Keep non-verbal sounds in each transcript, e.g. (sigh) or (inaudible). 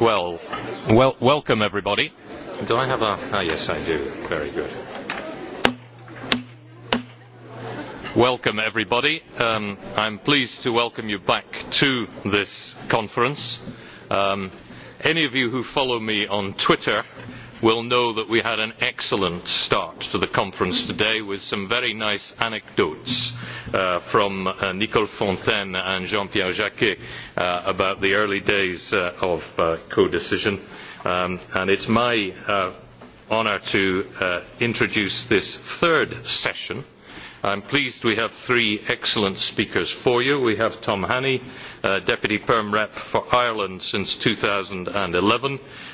Well, well, welcome everybody. Do I have a... Ah, yes, I do. Very good. Welcome everybody. Um, I'm pleased to welcome you back to this conference. Um, any of you who follow me on Twitter will know that we had an excellent start to the conference today with some very nice anecdotes uh, from uh, Nicole Fontaine and Jean-Pierre Jacquet uh, about the early days uh, of uh, co-decision. Um, and it's my uh, honour to uh, introduce this third session. I'm pleased we have three excellent speakers for you. We have Tom Hannay, uh, Deputy Perm Rep for Ireland since 2011,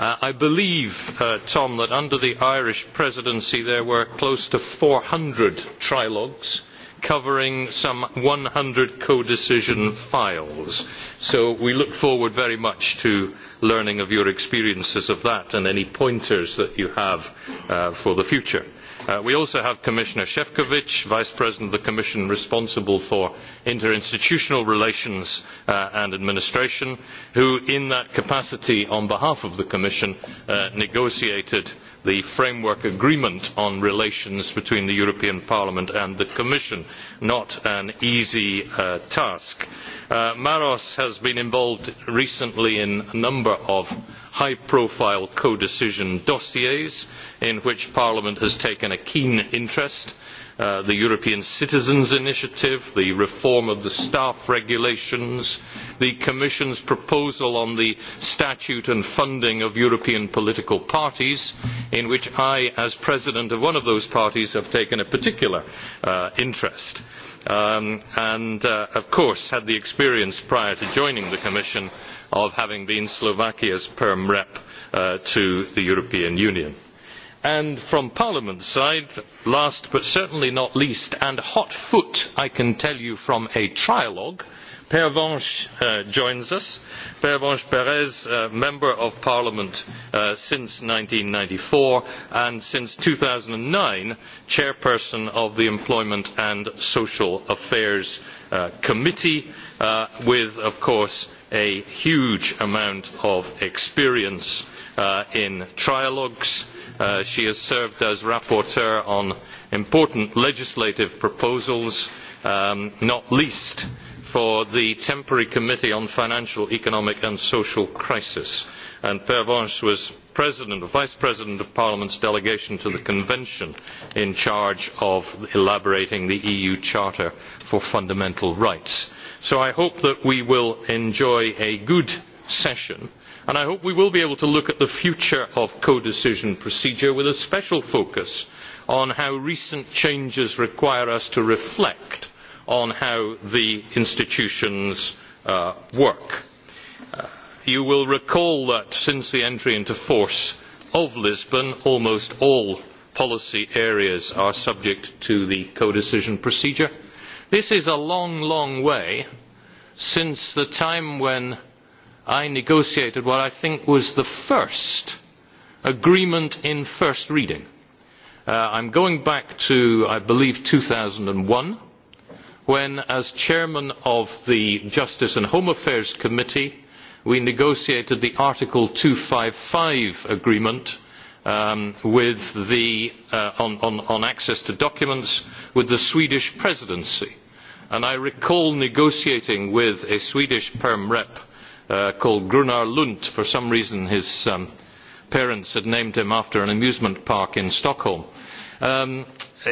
Uh, I believe, uh, Tom, that under the Irish presidency there were close to 400 trilogues covering some 100 co-decision files. So we look forward very much to learning of your experiences of that and any pointers that you have uh, for the future. Uh, we also have Commissioner efovi Vice President of the Commission responsible for interinstitutional relations uh, and administration, who in that capacity on behalf of the Commission uh, negotiated the framework agreement on relations between the european parliament and the commission not an easy uh, task. Uh, maros has been involved recently in a number of high profile codecision dossiers in which parliament has taken a keen interest Uh, the European Citizens Initiative, the reform of the staff regulations, the Commission's proposal on the statute and funding of European political parties, in which I, as president of one of those parties, have taken a particular uh, interest. Um, and, uh, of course, had the experience prior to joining the Commission of having been Slovakia's permanent rep to the European Union and from parliament's side last but certainly not least and hot foot i can tell you from a trialogue pervenche uh, joins us pervenche perez uh, member of parliament uh, since one thousand nine hundred and ninety four and since two thousand and nine chairperson of the employment and social affairs committee with of course a huge amount of experience Uh, in trialogues. Uh, she has served as rapporteur on important legislative proposals, um, not least for the temporary committee on financial, economic and social crisis. And Pervenche was president vice president of Parliament's delegation to the convention in charge of elaborating the EU Charter for Fundamental Rights. So I hope that we will enjoy a good session and i hope we will be able to look at the future of codecision procedure with a special focus on how recent changes require us to reflect on how the institutions uh, work. Uh, you will recall that since the entry into force of lisbon almost all policy areas are subject to the codecision procedure. this is a long long way since the time when i negotiated what i think was the first agreement in first reading. Uh, i am going back to i believe two thousand and one when as chairman of the justice and home affairs committee we negotiated the article two hundred and fifty five agreement um, uh, on, on access to documents with the swedish presidency and i recall negotiating with a swedish perm rep Uh, called Grunar Lund. For some reason, his um, parents had named him after an amusement park in Stockholm, um,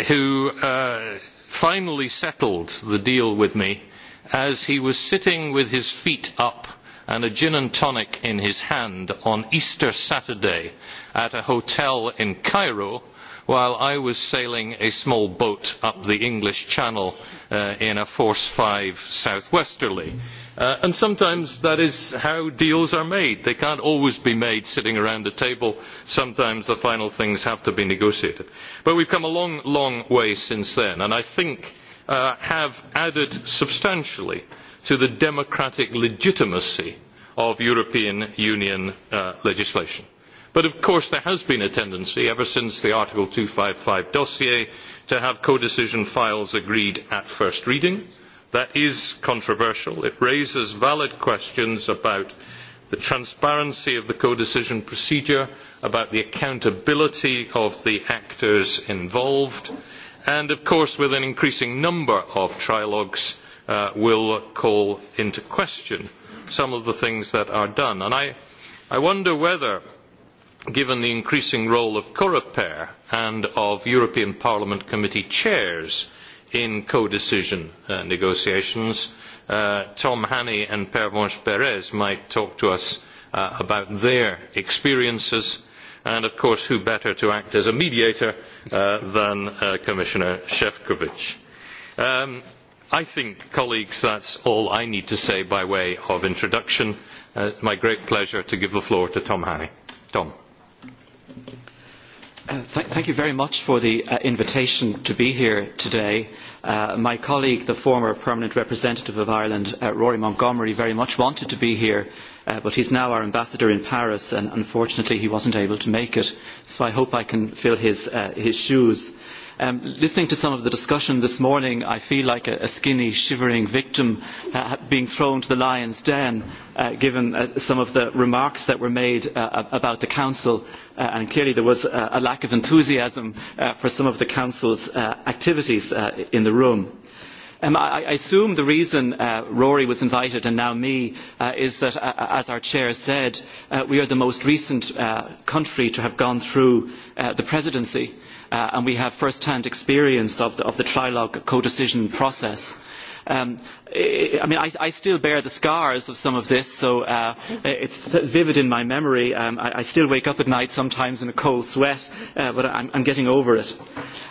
who uh, finally settled the deal with me as he was sitting with his feet up and a gin and tonic in his hand on Easter Saturday at a hotel in Cairo while I was sailing a small boat up the English Channel uh, in a force south southwesterly. Uh, and sometimes that is how deals are made. They cannot always be made sitting around a table. Sometimes the final things have to be negotiated. But we have come a long, long way since then, and I think uh, have added substantially to the democratic legitimacy of European Union uh, legislation. But of course there has been a tendency ever since the Article two hundred and fifty five dossier to have codecision files agreed at first reading that is controversial. it raises valid questions about the transparency of the codecision procedure about the accountability of the actors involved and of course with an increasing number of trialogues uh, will call into question some of the things that are done. And I, I wonder whether given the increasing role of coreper and of european parliament committee chairs in codecision uh, negotiations. Uh, Tom Hannay and Pervenche Perez might talk to us uh, about their experiences and of course who better to act as a mediator than Commissioner efovi. Um, I think, colleagues, that's all I need to say by way of introduction. is my great pleasure to give the floor to Tom Hannay. Tom thank you very much for the uh, invitation to be here today. Uh, my colleague, the former permanent representative of Ireland, uh, Rory Montgomery, very much wanted to be here, uh, but he is now our ambassador in Paris, and unfortunately he wasn't able to make it. So I hope I can fill his, his shoes. Uh, Um, listening to some of the discussion this morning, I feel like a, skinny, shivering victim uh, being thrown to the lion's den, uh, given uh, some of the remarks that were made about the Council. and clearly there was a lack of enthusiasm for some of the Council's activities in the room. Um, I, assume the reason Rory was invited and now me is that, as our chair said, we are the most recent country to have gone through the presidency. Uh, and we have first hand experience of the, of the trilogue codecision process. Um, I mean, I, I still bear the scars of some of this, so uh, it's vivid in my memory. Um, I, I still wake up at night sometimes in a cold sweat, uh, but I'm, I'm getting over it.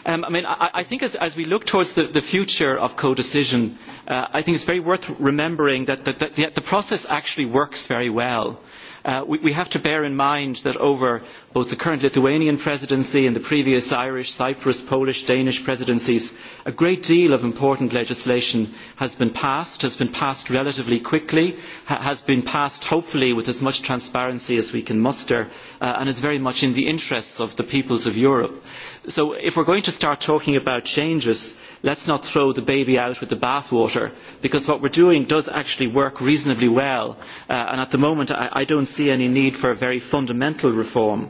Um, I mean, I, I think as, as we look towards the, the future of co-decision, uh, I think it's very worth remembering that the, the, the process actually works very well Uh, we, have to bear in mind that over both the current Lithuanian presidency and the previous Irish, Cyprus, Polish, Danish presidencies, a great deal of important legislation has been passed, has been passed relatively quickly, has been passed hopefully with as much transparency as we can muster, uh, and is very much in the interests of the peoples of Europe so if we are going to start talking about changes let us not throw the baby out with the bathwater because what we are doing does actually work reasonably well uh, and at the moment i, I do not see any need for a very fundamental reform.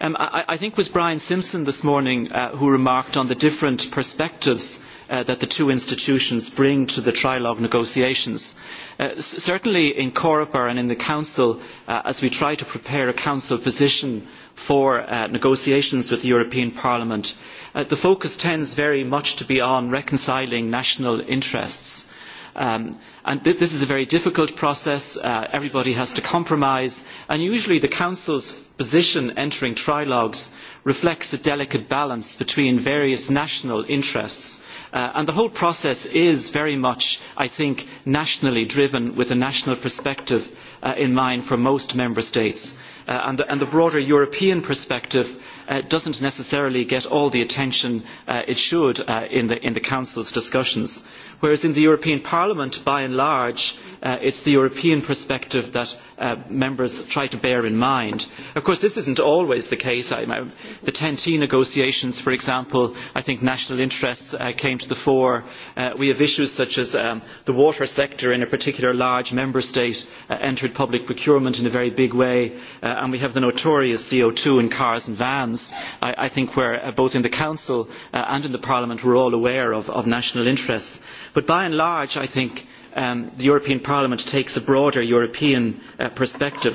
Um, I, i think it was brian simpson this morning uh, who remarked on the different perspectives Uh, that the two institutions bring to the trilogue negotiations. Uh, certainly in coreper and in the council uh, as we try to prepare a council position for uh, negotiations with the European Parliament, uh, the focus tends very much to be on reconciling national interests. Um, and th this is a very difficult process. Uh, everybody has to compromise. And usually the Council's position entering trilogues reflects a delicate balance between various national interests. Uh, and the whole process is very much, I think, nationally driven with a national perspective uh, in mind for most member states uh, and, the, and the broader European perspective uh, doesn't necessarily get all the attention uh, it should uh, in, the, in the Council's discussions. Whereas in the European Parliament, by and large, uh, it's the European perspective that uh, members try to bear in mind. Of course, this isn't always the case. I, I, the 10T negotiations, for example, I think national interests uh, came to the fore. Uh, we have issues such as um, the water sector in a particular large member state uh, entered public procurement in a very big way. Uh, Uh, and we have the notorious co two in cars and vans i, think we are uh, both in the council uh, and in parliament all aware of, national interests but by and large i think um, the european parliament takes a broader european perspective.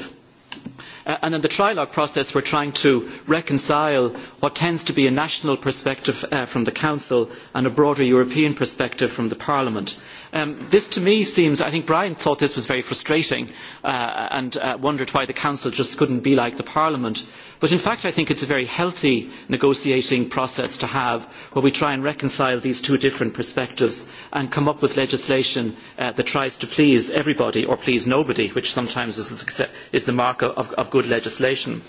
and in the trialogue process we are trying to reconcile what tends to be a national perspective from the council and a broader european perspective from parliament. Um, this to me seems, I think Brian thought this was very frustrating uh, and uh, wondered why the Council just could not be like the Parliament. But in fact, I think it is a very healthy negotiating process to have where we try and reconcile these two different perspectives and come up with legislation uh, that tries to please everybody or please nobody, which sometimes is, the mark of, good legislation.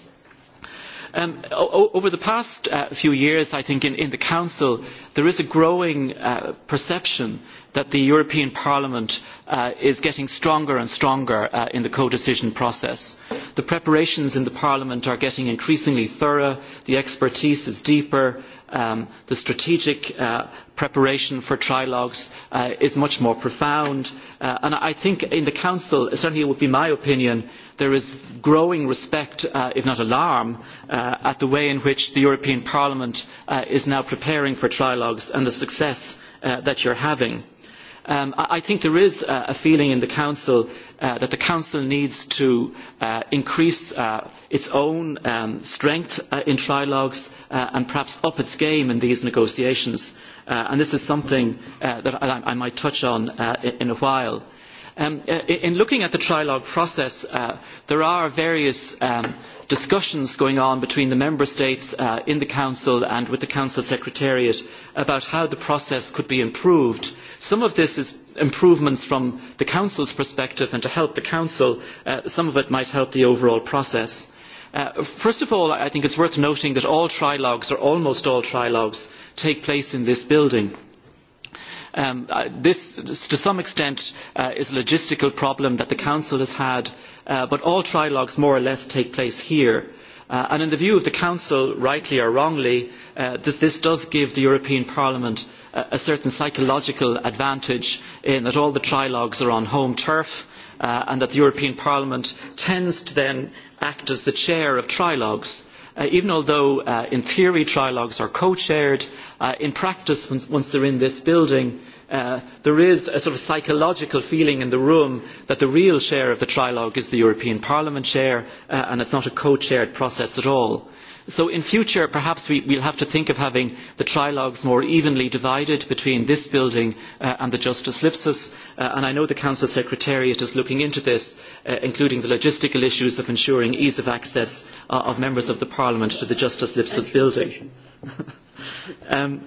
Um, over the past few years, I think in, the Council, there is a growing uh, perception that the European Parliament uh, is getting stronger and stronger uh, in the codecision process. The preparations in Parliament are getting increasingly thorough, the expertise is deeper, um, the strategic uh, preparation for trialogues is much more profound. and I think in the Council, certainly it would be my opinion, there is growing respect, if not alarm, at the way in which the European Parliament is now preparing for trialogues and the success that you are having. Um, I, think there is a feeling in the Council uh, that the Council needs to uh, increase uh, its own um, strength in trilogues and perhaps up its game in these negotiations. and this is something that I, might touch on in a while. Um, in looking at the trilogue process, there are various discussions going on between the member states uh, in the council and with the council secretariat about how the process could be improved. some of this is improvements from the council's perspective and to help the council uh, some of it might help the overall process. Uh, first of all i think it is worth noting that all trialogues or almost all trialogues take place in this building. Um, this, this to some extent uh, is a logistical problem that the council has had Uh, but all trialogues more or less take place here. Uh, and in the view of the Council, rightly or wrongly, uh, this, does give the European Parliament a, certain psychological advantage in that all the trialogues are on home turf and that the European Parliament tends to then act as the chair of trialogues even although in theory trialogues are co-chaired, in practice once, they are in this building, Uh, there is a sort of psychological feeling in the room that the real share of the trilogue is the European Parliament share and uh, and it's not a co-chaired process at all. So in future perhaps we will have to think of having the trilogues more evenly divided between this building uh, and the Justice Lipsus and I know the Council Secretariat is looking into this including the logistical issues of ensuring ease of access of members of the Parliament to the Justice Lipsus building. (laughs) Um,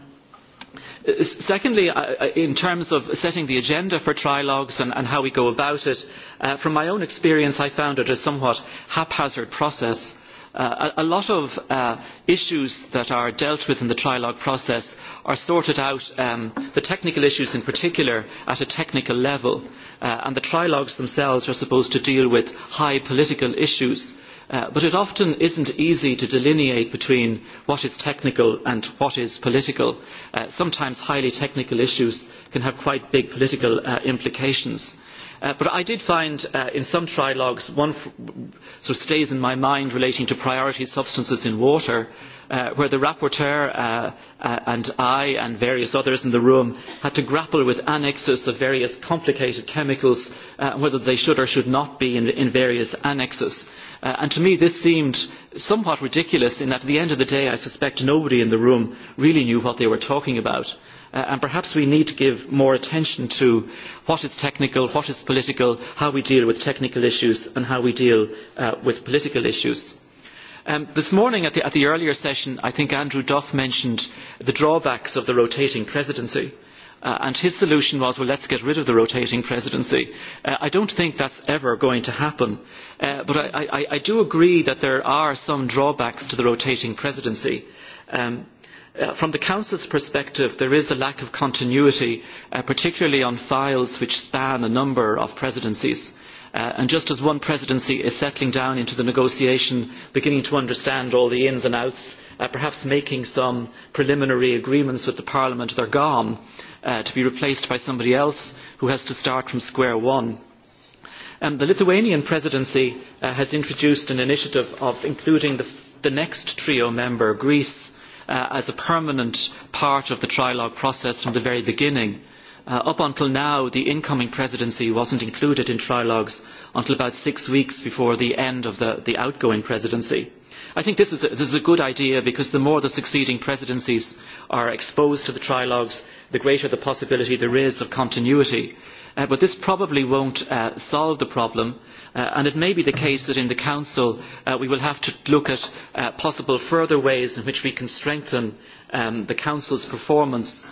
secondly in terms of setting the agenda for trialogues and, how we go about it uh, from my own experience i found it a somewhat haphazard process. Uh, a, lot of uh, issues that are dealt with in the trialogue process are sorted out um, the technical issues in particular at a technical level and the trialogues themselves are supposed to deal with high political issues Uh, but it often is not easy to delineate between what is technical and what is political. Uh, sometimes highly technical issues can have quite big political uh, implications. but I did find in some trialogues one sort of stays in my mind relating to priority substances in water, where the rapporteur and I and various others in the room had to grapple with annexes of various complicated chemicals, uh, whether they should or should not be in various annexes. Uh, and to me this seemed somewhat ridiculous in that at the end of the day I suspect nobody in the room really knew what they were talking about. Uh, and perhaps we need to give more attention to what is technical, what is political, how we deal with technical issues and how we deal uh, with political issues. Um, this morning at the, at the earlier session, I think Andrew Duff mentioned the drawbacks of the rotating presidency Uh, and his solution was, well, let us get rid of the rotating presidency. Uh, I not think that is ever going to happen. Uh, but I, I, I do agree that there are some drawbacks to the rotating presidency. Um, Uh, from the council's perspective there is a lack of continuity uh, particularly on files which span a number of presidencies uh, and just as one presidency is settling down into the negotiation beginning to understand all the ins and outs uh, perhaps making some preliminary agreements with parliament they are gone Uh, to be replaced by somebody else who has to start from square one. Um, the Lithuanian presidency uh, has introduced an initiative of including the, next trio member, Greece, uh, as a permanent part of the trilogue process from the very beginning. Uh, up until now, the incoming presidency wasn't included in trilogues until about six weeks before the end of the, the outgoing presidency. I think this is, a, this is a good idea because the more the succeeding presidencies are exposed to the trilogues, the greater the possibility there is of continuity Uh, but this probably will not uh, solve the problem. Uh, and it may be the case that in the Council we will have to look at possible further ways in which we can strengthen um, the Council's performance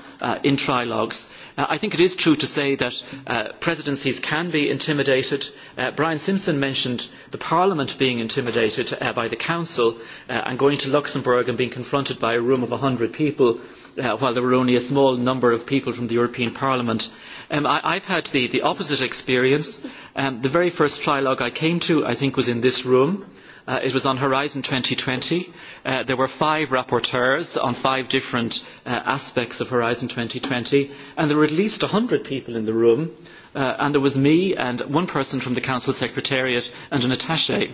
in trilogues. I think it is true to say that presidencies can be intimidated. Brian Simpson mentioned Parliament being intimidated by the Council and going to Luxembourg and being confronted by a room of one hundred people while there were only a small number of people from the European Parliament. Um, I, have had the, the opposite experience. Um, the very first trilogue I came to, I think, was in this room. Uh, it was on Horizon 2020. Uh, there were five rapporteurs on five different uh, aspects of Horizon 2020, and there were at least 100 people in the room, uh, and there was me and one person from the Council Secretariat and an attaché.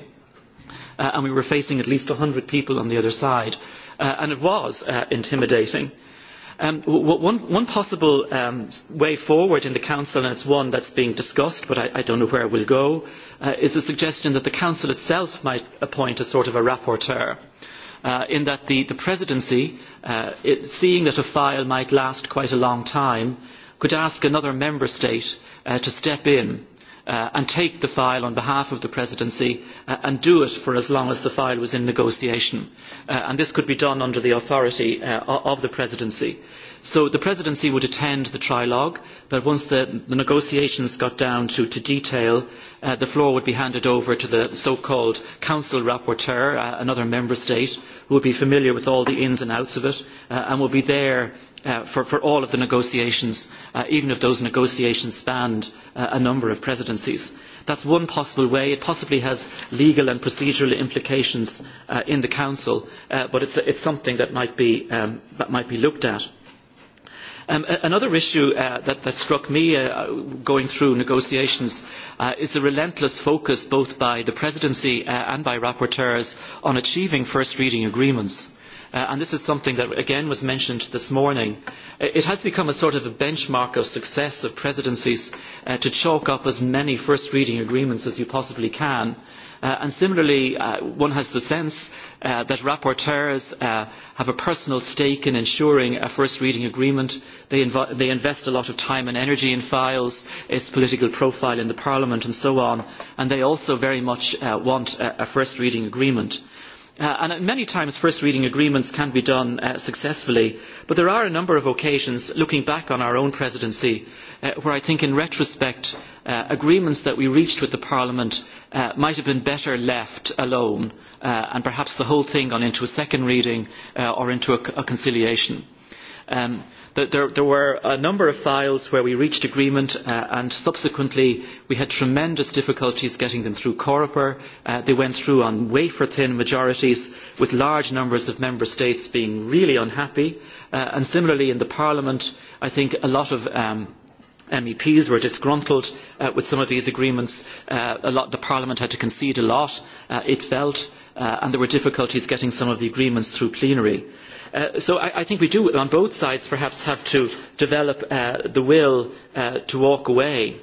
Uh, and we were facing at least 100 people on the other side. Uh, and it was uh, intimidating. Uh, Um, one, possible um, way forward in the Council, and it's one that's being discussed, but I, do don't know where it will go, uh, is the suggestion that the Council itself might appoint a sort of a rapporteur. Uh, in that the, presidency, uh, seeing that a file might last quite a long time, could ask another member state to step in Uh, and take the file on behalf of the presidency uh, and do it for as long as the file was in negotiation. Uh, and this could be done under the authority of the presidency. So the presidency would attend the trilogue, but once the, the negotiations got down to, to detail, uh, the floor would be handed over to the so-called council rapporteur, uh, another member state, who would be familiar with all the ins and outs of it uh, and would be there Uh, for, for, all of the negotiations, uh, even if those negotiations spanned uh, a number of presidencies. That's one possible way. It possibly has legal and procedural implications uh, in the Council, uh, but it's, it's something that might be, um, that might be looked at. Um, another issue uh, that, that, struck me uh, going through negotiations uh, is the relentless focus both by the Presidency uh, and by rapporteurs on achieving first reading agreements Uh, and this is something that again was mentioned this morning. Uh, it has become a sort of benchmark of success of presidencies uh, to chalk up as many first reading agreements as you possibly can. and similarly, one has the sense that rapporteurs have a personal stake in ensuring a first reading agreement. They, invest a lot of time and energy in files, its political profile in Parliament and so on, and they also very much want a first reading agreement Uh, and many times first reading agreements can be done uh, successfully, but there are a number of occasions, looking back on our own presidency, uh, where I think in retrospect uh, agreements that we reached with Parliament uh, might have been better left alone, uh, and perhaps the whole thing gone into a second reading or into a, a conciliation. Um, there, there were a number of files where we reached agreement uh, and subsequently we had tremendous difficulties getting them through Coreper. Uh, they went through on wafer-thin majorities with large numbers of member states being really unhappy. Uh, and similarly in the Parliament, I think a lot of um, meps were disgruntled uh, with some of these agreements. Uh, lot, the parliament had to concede a lot, uh, it felt, uh, and there were difficulties getting some of the agreements through plenary. Uh, so I, I think we do, on both sides, perhaps have to develop uh, the will uh, to walk away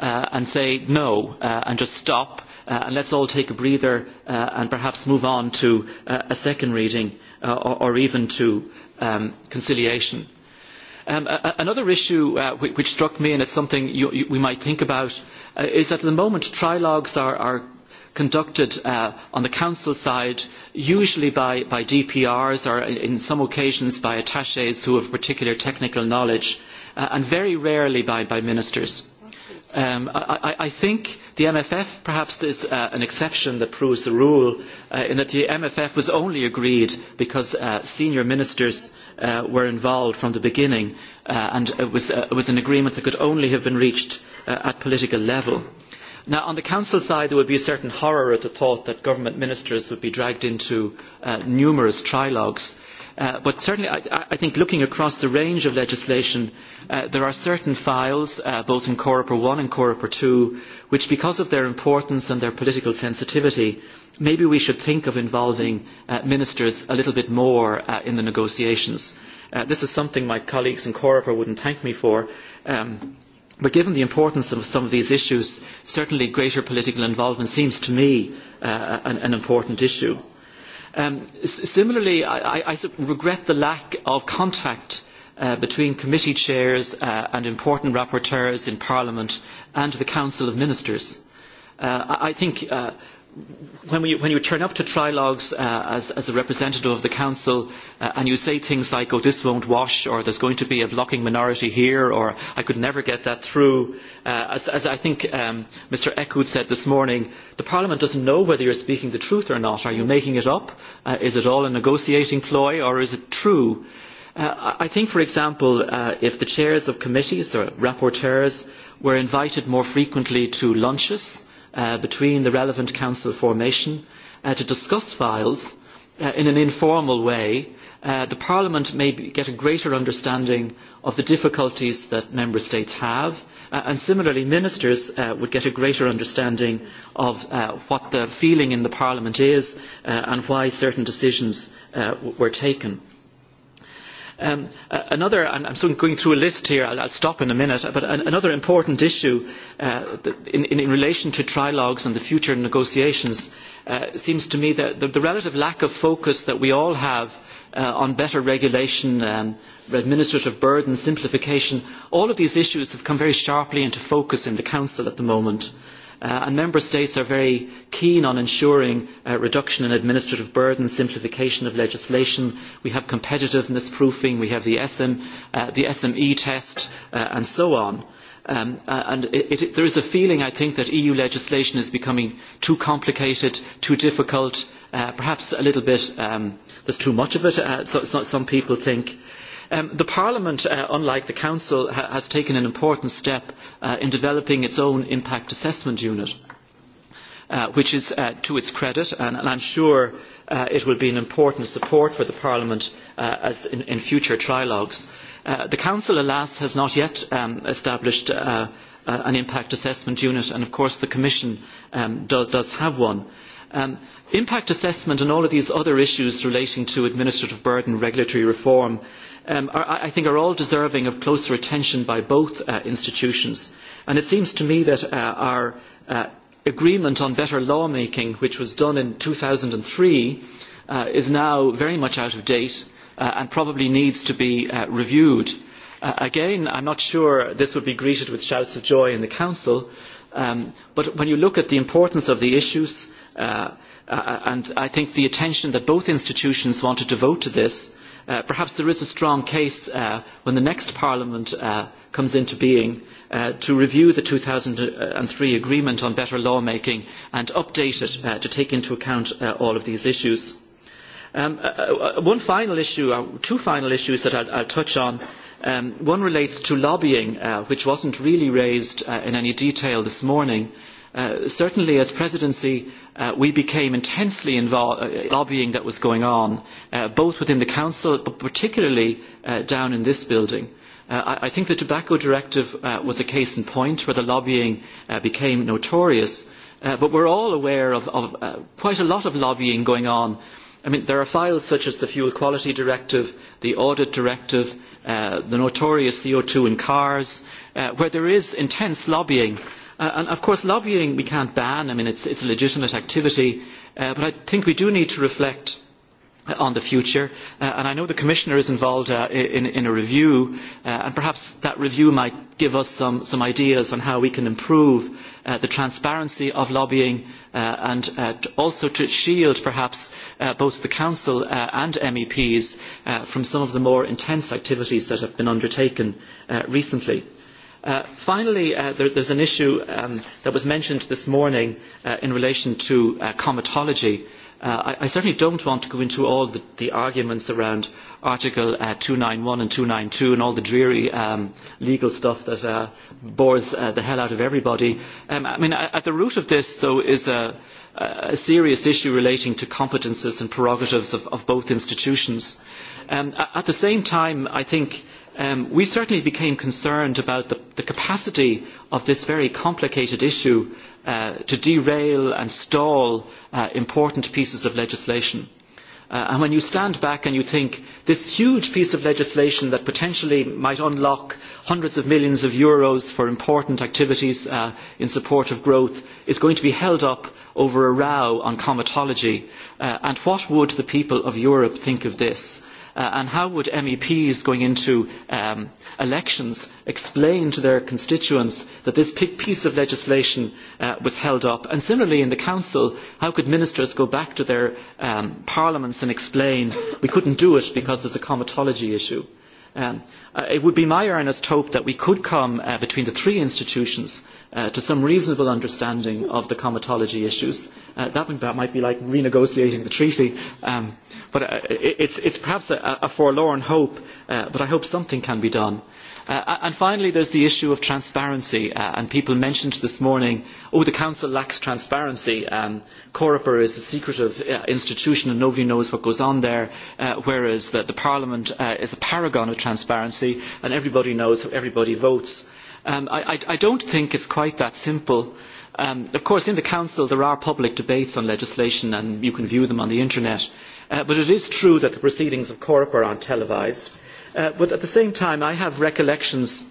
uh, and say no uh, and just stop uh, and let's all take a breather uh, and perhaps move on to uh, a second reading uh, or, or even to um, conciliation. Um, a, another issue uh, which, which struck me, and it's something you, you, we might think about, uh, is that at the moment trilogues are, are conducted uh, on the council side, usually by, by DPRs or in some occasions by attaches who have particular technical knowledge, uh, and very rarely by, by ministers. Um, I, I think the MFF perhaps is uh, an exception that proves the rule, uh, in that the MFF was only agreed because uh, senior ministers uh, were involved from the beginning, uh, and it was, uh, it was an agreement that could only have been reached uh, at political level. Uh, on the Council side, there would be a certain horror at the thought that government ministers would be dragged into uh, numerous trilogues. Uh, but certainly, I, I think looking across the range of legislation, uh, there are certain files, uh, both in Coreper 1 and Coreper 2, which, because of their importance and their political sensitivity, maybe we should think of involving uh, ministers a little bit more uh, in the negotiations. Uh, this is something my colleagues in Coreper wouldn't thank me for. Um, But given the importance of some of these issues, certainly greater political involvement seems to me uh, an, an, important issue. Um, similarly, I, I, regret the lack of contact uh, between committee chairs uh, and important rapporteurs in Parliament and the Council of Ministers. Uh, I think uh, when, we, when you turn up to trilogues uh, as, as a representative of the council uh, and you say things like, oh, this won't wash, or there's going to be a blocking minority here, or I could never get that through, uh, as, as I think um, Mr. Eckhout said this morning, the Parliament doesn't know whether you're speaking the truth or not. Are you making it up? Uh, is it all a negotiating ploy, or is it true? Uh, I think, for example, uh, if the chairs of committees or rapporteurs were invited more frequently to lunches, uh, between the relevant council formation uh, to discuss files uh, in an informal way. Uh, the Parliament may be, get a greater understanding of the difficulties that Member States have, uh, and similarly ministers uh, would get a greater understanding of uh, what the feeling in the Parliament is uh, and why certain decisions uh, were taken. Um, another, and I'm sort of going through a list here, I'll, I'll stop in a minute, but an, another important issue uh, in, in, in relation to trilogues and the future negotiations uh, seems to me that the, the relative lack of focus that we all have uh, on better regulation, um, administrative burden, simplification, all of these issues have come very sharply into focus in the Council at the moment. Uh, Uh, and member states are very keen on ensuring a uh, reduction in administrative burden, simplification of legislation. We have competitiveness proofing, we have the, SM, uh, the SME test, uh, and so on. Um, uh, and it, it, there is a feeling, I think, that EU legislation is becoming too complicated, too difficult, uh, perhaps a little bit, um, there's too much of it, uh, so, so some people think. Uh, Um, the Parliament, uh, unlike the Council, ha has taken an important step uh, in developing its own impact assessment unit, uh, which is uh, to its credit, and, and I'm sure uh, it will be an important support for the Parliament uh, as in, in future trilogues. Uh, the Council, alas, has not yet um, established uh, uh, an impact assessment unit, and of course the Commission um, does, does have one. Um, impact assessment and all of these other issues relating to administrative burden regulatory reform um, are, I think are all deserving of closer attention by both uh, institutions. And it seems to me that uh, our uh, agreement on better lawmaking, which was done in 2003, uh, is now very much out of date uh, and probably needs to be uh, reviewed. Uh, again, I'm not sure this would be greeted with shouts of joy in the Council, um, but when you look at the importance of the issues, uh, uh, and I think the attention that both institutions want to devote to this, Uh, perhaps there is a strong case uh, when the next Parliament uh, comes into being to review the two thousand and three agreement on better lawmaking and update it to take into account all of these issues. Um, one final issue, or two final issues that i will touch on. Um, one relates to lobbying, which was not really raised in any detail this morning, Uh, certainly as presidency uh, we became intensely involved in uh, lobbying that was going on uh, both within the council but particularly uh, down in this building. I, I think the tobacco directive was a case in point where the lobbying became notorious but we are all aware of, of quite a lot of lobbying going on. I mean, there are files such as the fuel quality directive the audit directive the notorious co two in cars where there is intense lobbying Uh, of course lobbying we can't ban, I mean it's, it's a legitimate activity, uh, but I think we do need to reflect uh, on the future uh, and I know the Commissioner is involved uh, in, in a review uh, and perhaps that review might give us some, some ideas on how we can improve uh, the transparency of lobbying uh, and uh, to also to shield perhaps uh, both the Council uh, and MEPs uh, from some of the more intense activities that have been undertaken uh, recently. Uh, Uh, finally, uh, there, is an issue um, that was mentioned this morning uh, in relation to uh, comitology. Uh, I, I certainly don't want to go into all the, the arguments around Article uh, 291 and 292 and all the dreary um, legal stuff that uh, bores uh, the hell out of everybody. Um, I mean, at the root of this, though, is a, a serious issue relating to competences and prerogatives of, of both institutions. Um, at the same time, I think um, we certainly became concerned about the, the capacity of this very complicated issue uh, to derail and stall uh, important pieces of legislation. Uh, and when you stand back and you think this huge piece of legislation that potentially might unlock hundreds of millions of euros for important activities uh, in support of growth is going to be held up over a row on comitology, uh, and what would the people of Europe think of this? Uh, and how would MEPs going into um, elections explain to their constituents that this piece of legislation uh, was held up? And similarly, in the Council, how could ministers go back to their um, parliaments and explain we couldn't do it because there's a comitology issue? Um, uh, it would be my earnest hope that we could come uh, between the three institutions uh, to some reasonable understanding of the comitology issues. Uh, that, that might be like renegotiating the treaty, um, but uh, it, it's, it's perhaps a, a forlorn hope, uh, but I hope something can be done. Uh, Uh, and finally, there is the issue of transparency. Uh, and people mentioned this morning, oh, the Council lacks transparency. Um, Coreper is a secretive uh, institution and nobody knows what goes on there, whereas Parliament is a paragon of transparency and everybody knows how everybody votes. Um, I, do not think it is quite that simple. Um, of course, in the Council there are public debates on legislation and you can view them on the internet. but it is true that the proceedings of Coreper are televised. Uh, but at the same time, I have recollections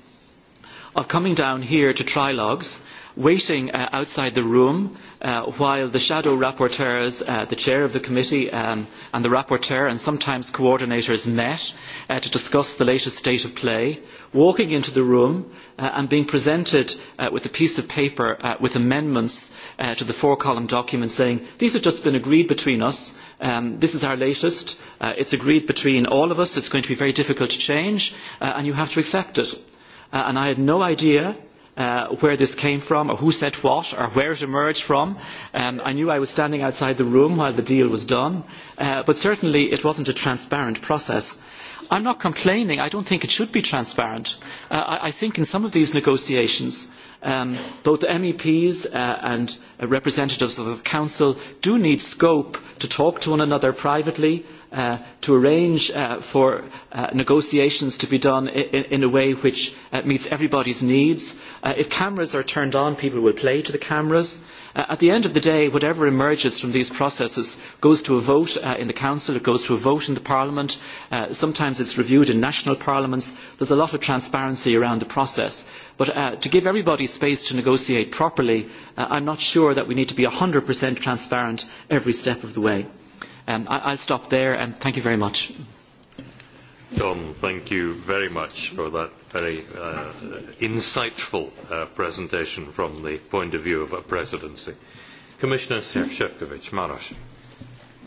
of coming down here to trilogues, waiting uh, outside the room uh, while the shadow rapporteurs, uh, the chair of the committee um, and the rapporteur and sometimes coordinators met uh, to discuss the latest state of play walking into the room uh, and being presented uh, with a piece of paper uh, with amendments uh, to the four column document saying, These have just been agreed between us, um, this is our latest, uh, it's agreed between all of us, it's going to be very difficult to change, uh, and you have to accept it. Uh, and I had no idea Uh, where this came from or who said what or where it emerged from. Um, I knew I was standing outside the room while the deal was done, uh, but certainly it wasn't a transparent process. I'm not complaining. I don't think it should be transparent. Uh, I, I think in some of these negotiations, um, both MEPs uh, and uh, representatives of the Council do need scope to talk to one another privately, Uh, to arrange uh, for uh, negotiations to be done in, in a way which uh, meets everybody's needs. Uh, if cameras are turned on, people will play to the cameras. Uh, at the end of the day, whatever emerges from these processes goes to a vote uh, in the Council, it goes to a vote in the Parliament. Uh, sometimes it's reviewed in national parliaments. There's a lot of transparency around the process. But uh, to give everybody space to negotiate properly, uh, I'm not sure that we need to be 100% transparent every step of the way. Um, I, I'll stop there and thank you very much. Tom, thank you very much for that very uh, insightful uh, presentation from the point of view of a presidency. Commissioner Shevchevkovich, Marosh.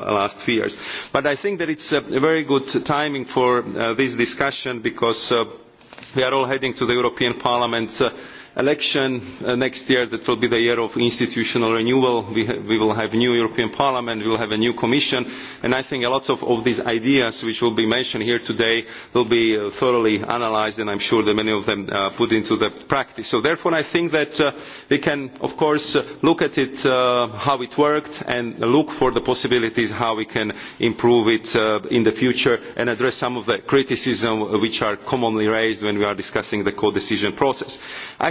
The last few years. But I think that it's a very good timing for uh, this discussion because uh, we are all heading to the European Parliament uh, election uh, next year that will be the year of institutional renewal we, ha we will have new european parliament we will have a new commission and i think a lot of, of these ideas which will be mentioned here today will be uh, thoroughly analysed and i am sure that many of them uh, put into the practice. so therefore i think that uh, we can of course uh, look at it uh, how it worked and look for the possibilities how we can improve it uh, in the future and address some of the criticism which are commonly raised when we are discussing the codecision process. i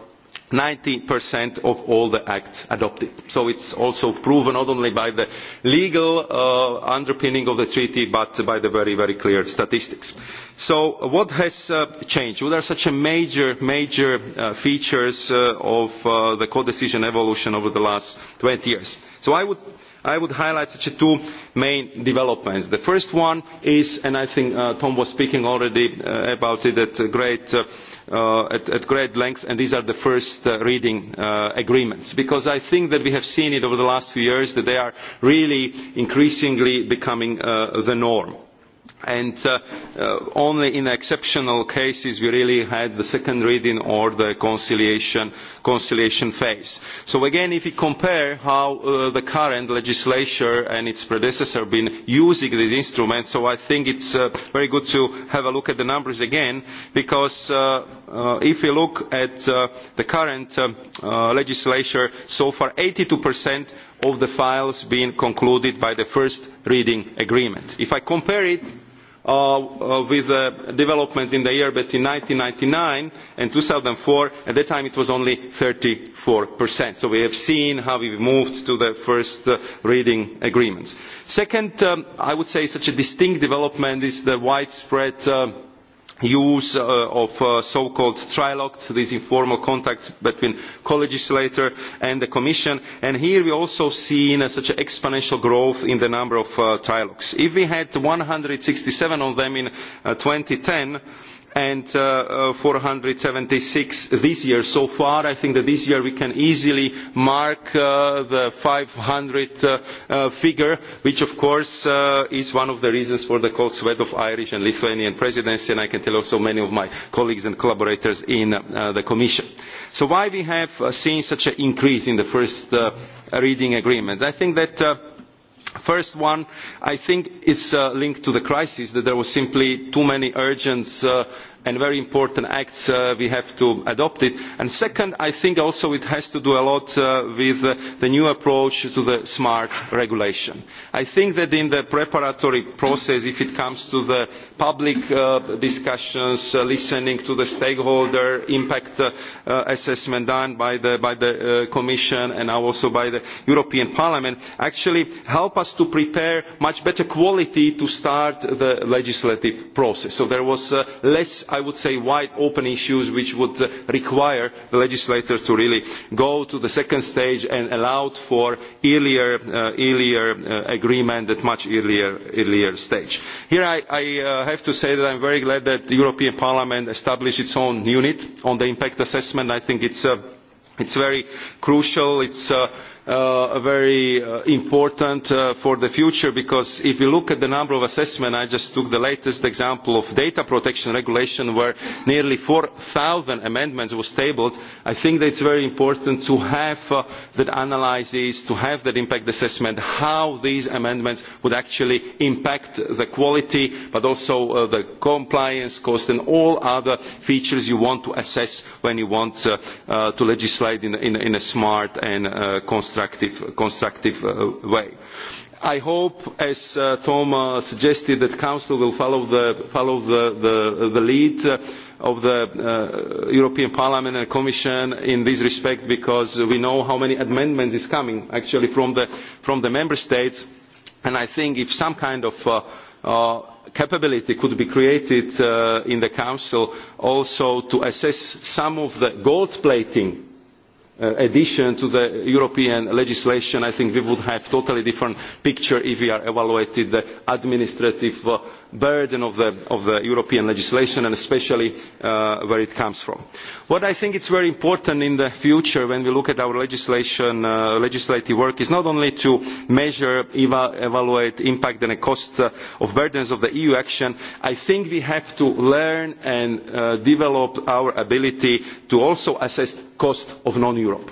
ninety of all the acts adopted. so it is also proven not only by the legal uh, underpinning of the treaty but by the very very clear statistics. so what has uh, changed? what are such major major uh, features of the codecision evolution over the last twenty years? so i would i would highlight two main developments. the first one is and i think uh, tom was speaking already uh, about it at great, uh, at great length and these are the first reading agreements because i think that we have seen it over the last few years that they are really increasingly becoming the norm and uh, uh, only in exceptional cases we really had the second reading or the conciliation, conciliation phase. So again, if you compare how uh, the current legislature and its predecessor have been using these instruments, so I think it's uh, very good to have a look at the numbers again, because uh, uh, if you look at uh, the current uh, uh, legislature, so far 82 percent of the files being concluded by the first reading agreement. If I compare it uh, uh with uh, developments in the year between 1999 and 2004, at that time it was only 34%. So we have seen how we moved to the first uh, reading agreements. Second, um, I would say such a distinct development is the widespread uh, use uh, of uh, so-called trilogues, these informal contacts between co-legislator and the Commission. And here we also see such an exponential growth in the number of uh, trilogues. If we had 167 of them in and uh, 2010, and uh, uh, 476 this year so far. I think that this year we can easily mark uh, the 500 uh, uh, figure, which of course uh, is one of the reasons for the cold sweat of Irish and Lithuanian presidency, and I can tell also many of my colleagues and collaborators in uh, the Commission. So why we have uh, seen such an increase in the first uh, reading agreements? I think that uh, first one i think is uh, linked to the crisis that there were simply too many urgent uh, and very important acts uh, we have to adopt it. And second, I think also it has to do a lot uh, with uh, the new approach to the smart regulation. I think that in the preparatory process, if it comes to the public discussions, listening to the stakeholder impact assessment done by the, by the Commission and now also by the European Parliament, actually help us to prepare much better quality to start the legislative process. So there was less i would say wide open issues which would uh, require the legislator to really go to the second stage and allow for earlier, uh, earlier uh, agreement at a much earlier, earlier stage. here i, have to say that i am very glad that the european parliament established its own unit on the impact assessment. i think it is very crucial. it uh, very uh, important uh, for the future because if you look at the number of assessments, I just took the latest example of data protection regulation where nearly 4,000 amendments were tabled. I think that it's very important to have uh, that analysis, to have that impact assessment, how these amendments would actually impact the quality, but also uh, the compliance cost and all other features you want to assess when you want uh, uh, to legislate in, in, in a smart and uh, constructive constructive, uh, way. I hope, as uh, Tom uh, suggested, that Council will follow the, follow the, the, the lead of the uh, European Parliament and Commission in this respect because we know how many amendments is coming actually from the, from the Member States and I think if some kind of uh, uh, capability could be created uh, in the Council also to assess some of the gold plating Uh, addition to the european legislation i think we would have a totally different picture if we evaluated the administrative uh, burden of the, of the European legislation and especially uh, where it comes from. What I think is very important in the future when we look at our legislation, uh, legislative work is not only to measure, eva evaluate impact and the cost uh, of burdens of the EU action, I think we have to learn and uh, develop our ability to also assess cost of non-Europe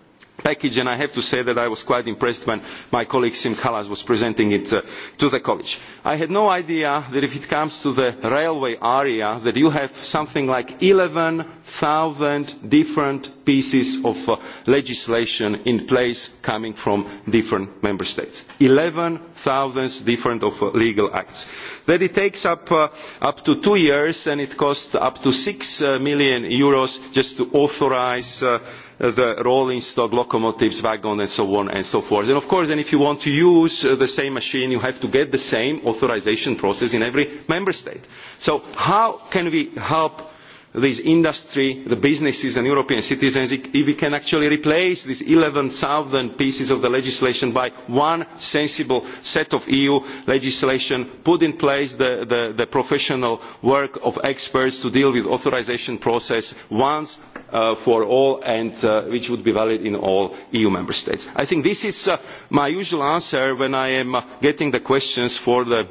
package and I have to say that I was quite impressed when my colleague Sim Kallas was presenting it uh, to the college. I had no idea that if it comes to the railway area that you have something like 11,000 different pieces of uh, legislation in place coming from different member states. 11,000 different of uh, legal acts. That it takes up, uh, up to two years and it costs up to 6 uh, million euros just to authorize uh, the rolling stock locomotives wagons and so on and so forth. And of course if you want to use uh, the same machine you have to get the same authorisation process in every member state. so how can we help this industry the businesses and european citizens if we can actually replace these eleven zero pieces of legislation by one sensible set of eu legislation put in place the, the, the professional work of experts to deal with the authorisation process once Uh, for all and uh, which would be valid in all EU member states. I think this is uh, my usual answer when I am uh, getting the questions for the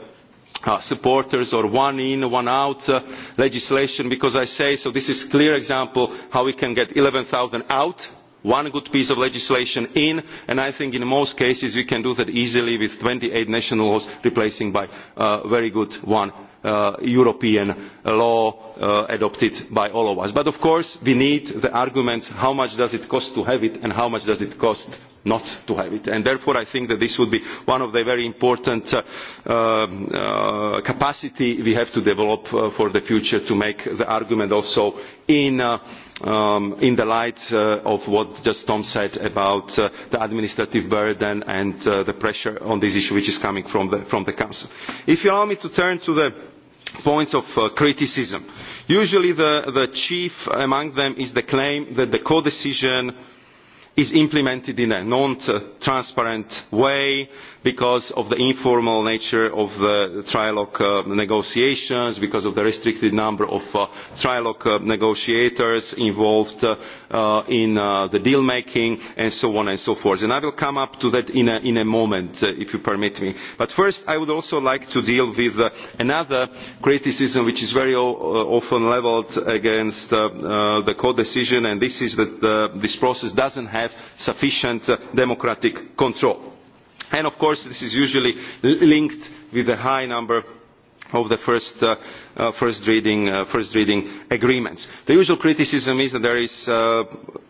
Uh, supporters or one in one out uh, legislation because i say so this is a clear example of how we can get eleven zero out one good piece of legislation in and i think in most cases we can do that easily with twenty eight national laws replacing by a uh, very good one uh, European law uh, adopted by all of us. But of course we need the arguments how much does it cost to have it and how much does it cost not to have it. And therefore I think that this would be one of the very important uh, um, uh, capacity we have to develop uh, for the future to make the argument also in uh, Um, in the light uh, of what just Tom said about uh, the administrative burden and uh, the pressure on this issue which is coming from the, from the Council. If you allow me to turn to the points of uh, criticism. Usually the, the chief among them is the claim that the codecision is implemented in a non-transparent way, because of the informal nature of the trilogue uh, negotiations, because of the restricted number of uh, trilogue uh, negotiators involved uh, uh, in uh, the deal making, and so on and so forth. And I will come up to that in a, in a moment, uh, if you permit me. But first, I would also like to deal with uh, another criticism which is very uh, often levelled against uh, uh, the co-decision, and this is that uh, this process doesn't have sufficient uh, democratic control and of course this is usually linked with the high number of the first, uh, uh, first, reading, uh, first reading agreements. The usual criticism is that there is uh,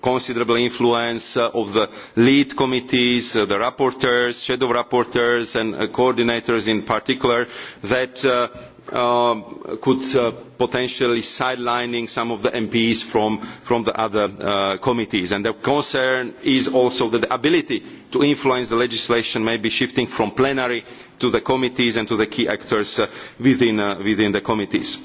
considerable influence uh, of the lead committees, uh, the rapporteurs, shadow rapporteurs and uh, coordinators in particular that uh, Uh, could uh, potentially sidelining some of the MPs from, from the other uh, committees. And the concern is also that the ability to influence the legislation may be shifting from plenary to the committees and to the key actors uh, within, uh, within the committees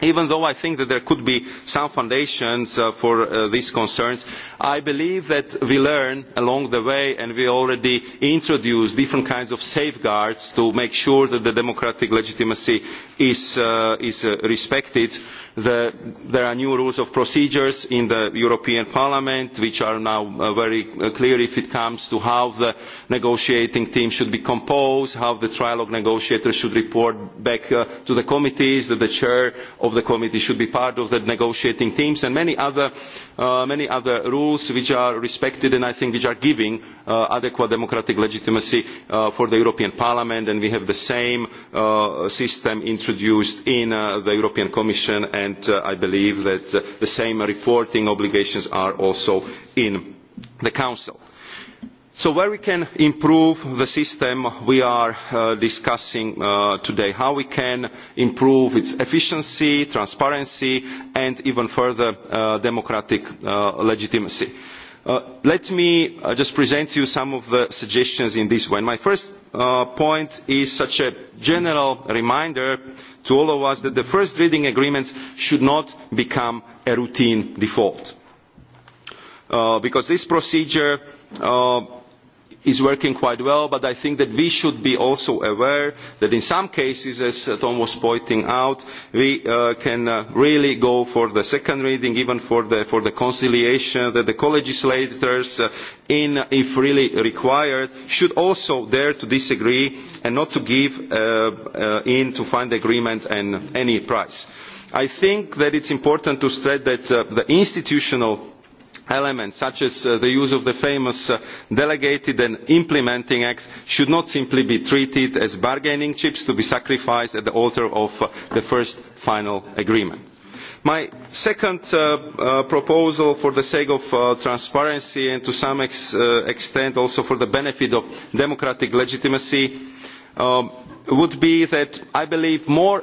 even though i think that there could be some foundations uh, for uh, these concerns i believe that we learn along the way and we already introduce different kinds of safeguards to make sure that the democratic legitimacy is, uh, is uh, respected there are new rules of procedures in the European Parliament which are now uh, very uh, clear if it comes to how the negotiating team should be composed, how the trilogue negotiators should report back uh, to the committees, that the chair of the committee should be part of the negotiating teams and many other, uh, many other rules which are respected and I think which are giving uh, adequate democratic legitimacy for the European Parliament and we have the same system introduced in the European Commission and and uh, I believe that uh, the same reporting obligations are also in the Council. So where we can improve the system we are uh, discussing uh, today, how we can improve its efficiency, transparency and even further uh, democratic uh, legitimacy. Uh, let me uh, just present you some of the suggestions in this way. My first uh, point is such a general reminder to all of us that the first reading agreements should not become a routine default. Uh, because this procedure uh, is working quite well but i think that we should be also aware that in some cases as tom was pointing out we uh, can uh, really go for the second reading even for the, for the conciliation that the co-legislators uh, in, if really required should also dare to disagree and not to give uh, uh, in to find agreement at any price. i think that it is important to stress that uh, the institutional elements such as uh, the use of the famous uh, delegated and implementing acts should not simply be treated as bargaining chips to be sacrificed at the altar of uh, the first final agreement. My second proposal for the sake of transparency and to some ex extent also for the benefit of democratic legitimacy um, would be that I believe more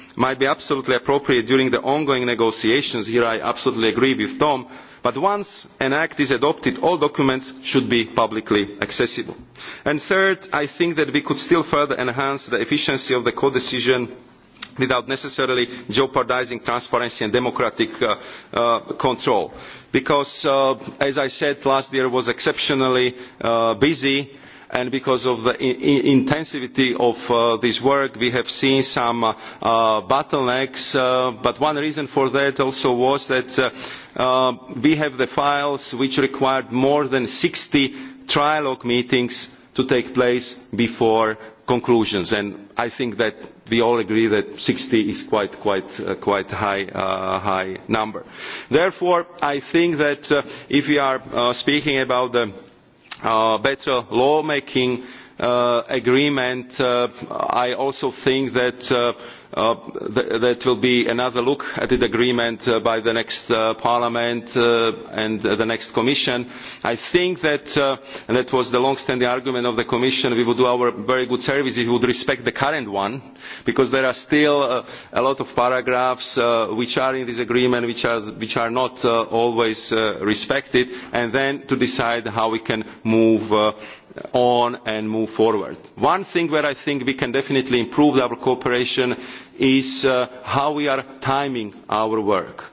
might be absolutely appropriate during the ongoing negotiations here i absolutely agree with tom but once an act is adopted all documents should be publicly accessible. And third i think that we could still further enhance the efficiency of the codecision without necessarily jeopardising transparency and democratic uh, uh, control because uh, as i said last year was exceptionally uh, busy and because of the intensity of uh, this work we have seen some uh, uh, bottlenecks uh, but one reason for that also was that uh, uh, we have the files which required more than 60 trilogue meetings to take place before conclusions and I think that we all agree that 60 is quite quite uh, quite high uh, high number therefore I think that uh, if we are uh, speaking about the uh, better lawmaking uh, agreement, uh, I also think that uh, Uh, there will be another look at the agreement uh, by the next uh, parliament and the next commission. i think that and that was the long standing argument of the commission we would do ourselves a very good service if we would respect the current one because there are still a lot of paragraphs which are in this agreement which are, which are not always respected and then to decide how we can move on and move forward. One thing where I think we can definitely improve our cooperation is uh, how we are timing our work.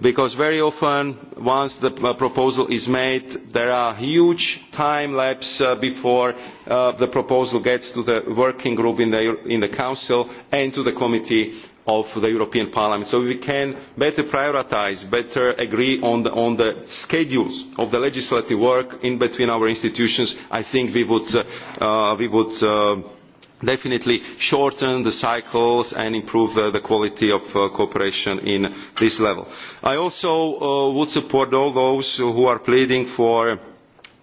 Because very often, once the uh, proposal is made, there are huge time lapses uh, before the proposal gets to the working group in the Council and to the Committee of the European Parliament. So we can better prioritise, better agree on the, on the, schedules of the legislative work in between our institutions. I think we would, uh, uh, we would uh, definitely shorten the cycles and improve the, the quality of uh, cooperation in this level. I also uh, would support all those who are pleading for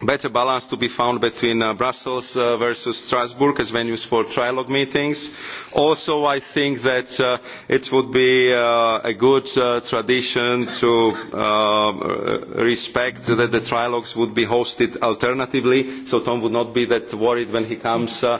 better balance to be found between uh, Brussels uh, versus Strasbourg as venues for trilogue meetings. Also, I think that uh, it would be uh, a good uh, tradition to uh, respect that the trilogues would be hosted alternatively, so Tom would not be that worried when he comes uh,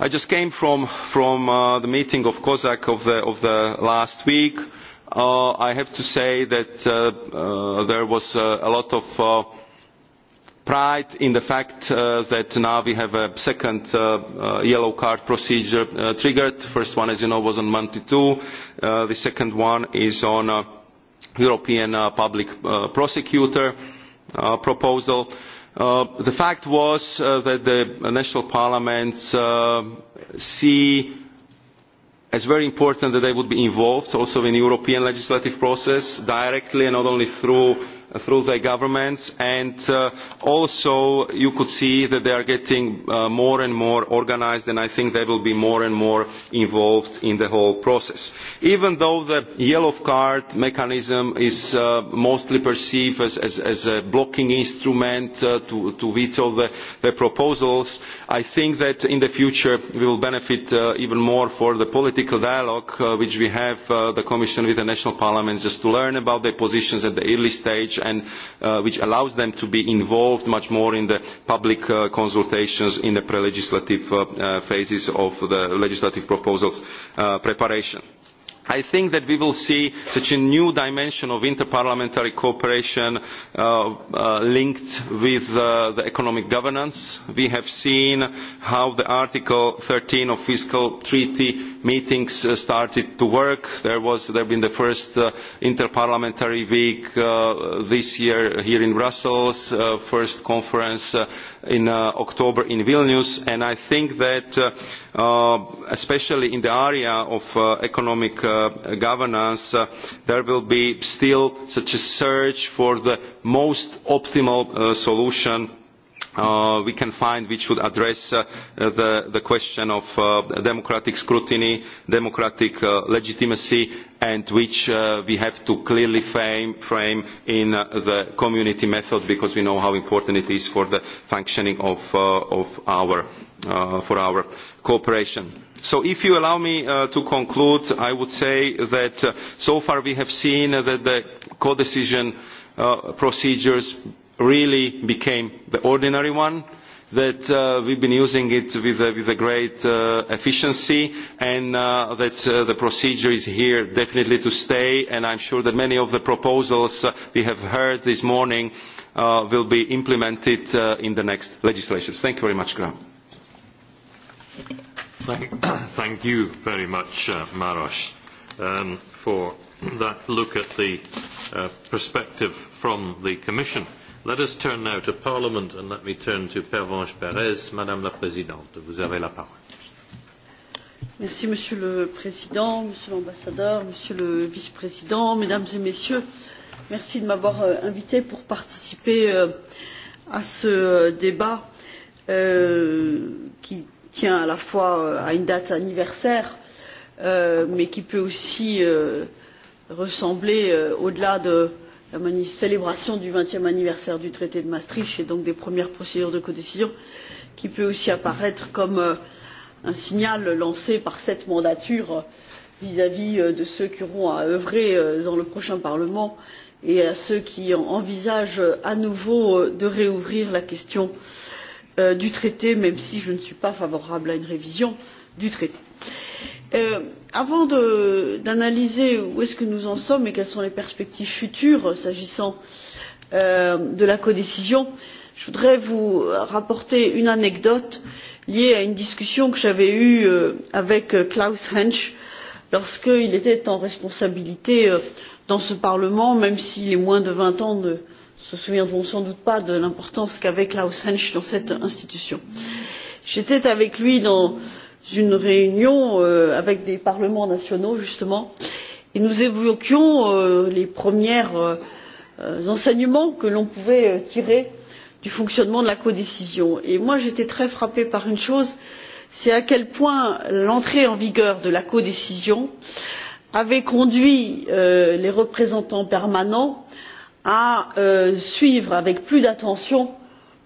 I just came from, from uh, the meeting of COSAC of the, of the last week. Uh, I have to say that uh, uh, there was uh, a lot of uh, pride in the fact uh, that now we have a second uh, uh, yellow card procedure uh, triggered. The first one, as you know, was on Monday 2. Uh, the second one is on uh, European uh, Public uh, Prosecutor uh, proposal. Uh, Uh, the fact was uh, that the national parliaments uh, see as very important that they would be involved also in the European legislative process directly and not only through Uh, through their governments and uh, also you could see that they are getting uh, more and more organised, and I think they will be more and more involved in the whole process. Even though the yellow card mechanism is uh, mostly perceived as, as, as a blocking instrument uh, to, to veto the, the proposals, I think that in the future we will benefit uh, even more for the political dialogue uh, which we have uh, the Commission with the national parliaments just to learn about their positions at the early stage which, and, uh, which allows them to be involved much more in the public uh, consultations in the pre-legislative uh, uh, phases of the legislative proposals uh, preparation i think that we will see such a new dimension of interparliamentary cooperation uh, uh, linked with uh, the economic governance. we have seen how the article thirteen of the fiscal treaty meetings uh, started to work. There was there been the first uh, interparliamentary week uh, this year here in Brussels, uh, first conference uh, in uh, October in Vilnius, and I think that uh, uh, especially in the area of uh, economic uh, governance, uh, there will be still such a search for the most optimal uh, solution Uh, we can find which would address uh, the, the question of uh, democratic scrutiny, democratic uh, legitimacy, and which uh, we have to clearly frame, frame in uh, the community method because we know how important it is for the functioning of, uh, of our, uh, for our cooperation. So if you allow me uh, to conclude, I would say that uh, so far we have seen that the co-decision uh, procedures really became the ordinary one that uh, we've been using it with, uh, with a great uh, efficiency and uh, that uh, the procedure is here definitely to stay and I'm sure that many of the proposals uh, we have heard this morning uh, will be implemented uh, in the next legislation. Thank you very much, Graham. Thank, (coughs) thank you very much, uh, Maros, um, for that look at the uh, perspective from the Commission Let us turn now to Parliament and let me turn to Pervenche Perez. Madame la Présidente, vous avez la parole. Merci, Monsieur le Président, Monsieur l'Ambassadeur, Monsieur le Vice-président, Mesdames et Messieurs, merci de m'avoir euh, invité pour participer euh, à ce euh, débat qui tient à la fois à une date anniversaire mais qui peut aussi ressembler au delà de la célébration du vingtième anniversaire du traité de maastricht et donc des premières procédures de codécision qui peut aussi apparaître comme euh, un signal lancé par cette mandature vis à vis de ceux qui auront à œuvrer euh, dans le prochain parlement et à ceux qui envisagent euh, à nouveau de rouvrir la question du traité même si je ne suis pas favorable à une révision du traité. Euh, avant d'analyser où est ce que nous en sommes et quelles sont les perspectives futures euh, s'agissant euh, de la codécision je voudrais vous rapporter une anecdote liée à une discussion que j'avais eue avec klaus hensch lorsqu'il était en responsabilité dans ce parlement même si les moins de vingt ans ne se souviendront sans doute pas de l'importance qu'avait klaus hensch dans cette institution. j'étais avec lui dans une réunion euh, avec des parlements nationaux justement et nous évoquions euh, les premiers euh, enseignements que l'on pouvait tirer du fonctionnement de la codécision. j'étais très frappée par une chose c'est à quel point l'entrée en vigueur de la codécision avait conduit les représentants permanents à suivre avec plus d'attention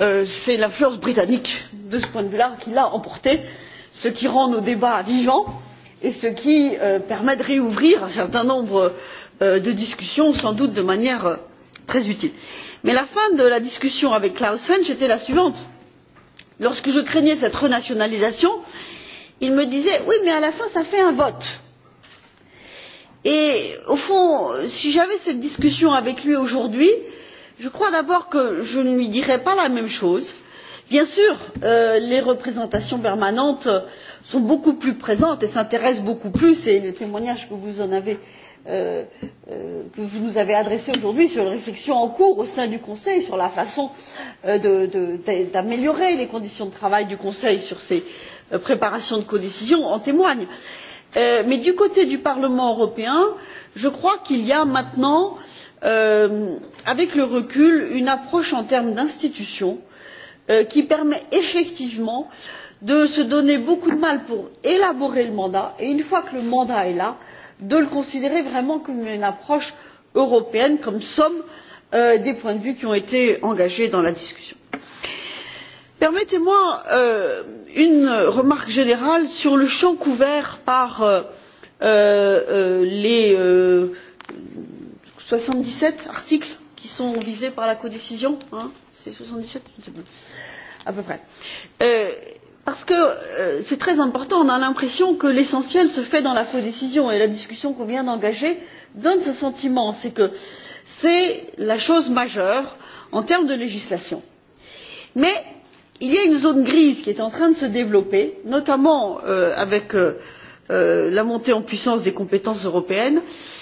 Euh, c'est l'influence britannique de ce point de vue là qui l'a emporté ce qui rend nos débats vivants et ce qui euh, permet de rouvrir un certain nombre euh, de discussions sans doute de manière très utile. mais la fin de la discussion avec klaus hensch était la suivante lorsque je craignais cette renationalisation il me disait oui mais à la fin ça fait un vote. et au fond si j'avais cette discussion avec lui aujourd'hui je crois d'abord que je ne lui dirai pas la même chose. bien sûr euh, les représentations permanentes sont beaucoup plus présentes et s'intéressent beaucoup plus et le témoignage euh, euh, que vous nous avez adressé aujourd'hui sur les réflexions en cours au sein du conseil sur la façon d'améliorer les conditions de travail du conseil sur ces préparations de codécision en témoigne. mais du côté du parlement européen je crois qu'il y a maintenant une Euh, avec le recul une approche en termes d'institutions euh, qui permet effectivement de se donner beaucoup de mal pour élaborer le mandat et une fois que le mandat est là de le considérer vraiment comme une approche européenne comme somme euh, des points de vue qui ont été engagés dans la discussion. permettez moi une remarque générale sur le champ couvert par les soixante dix sept articles qui sont visés par la codécision Hein c'est soixante dix sept à peu près euh, parce que euh, c'est très important on a l'impression que l'essentiel se fait dans la codécision et la discussion qu'on vient d'engager donne ce sentiment c'est que c'est la chose majeure en termes de législation. mais il y a une zone grise qui est en train de se développer notamment euh, avec euh, euh, la montée en puissance des compétences européennes et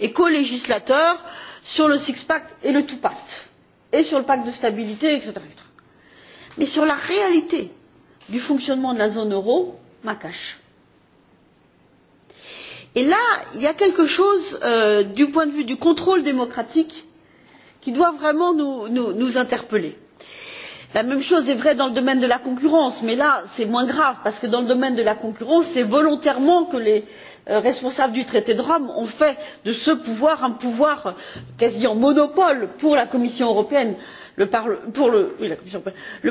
et colégislateur sur le six pack et le two pack et sur le pacte de stabilité etc. mais sur la réalité du fonctionnement de la zone euro ma cache. et là il y a quelque chose euh, du point de vue du contrôle démocratique qui doit vraiment nous, nous, nous interpeller. la même chose est vraie dans le domaine de la concurrence mais là c'est moins grave parce que dans le domaine de la concurrence c'est volontairement que les Euh, responsables du traité de rome ont fait de ce pouvoir un pouvoir quasi en monopole pour la commission européenne le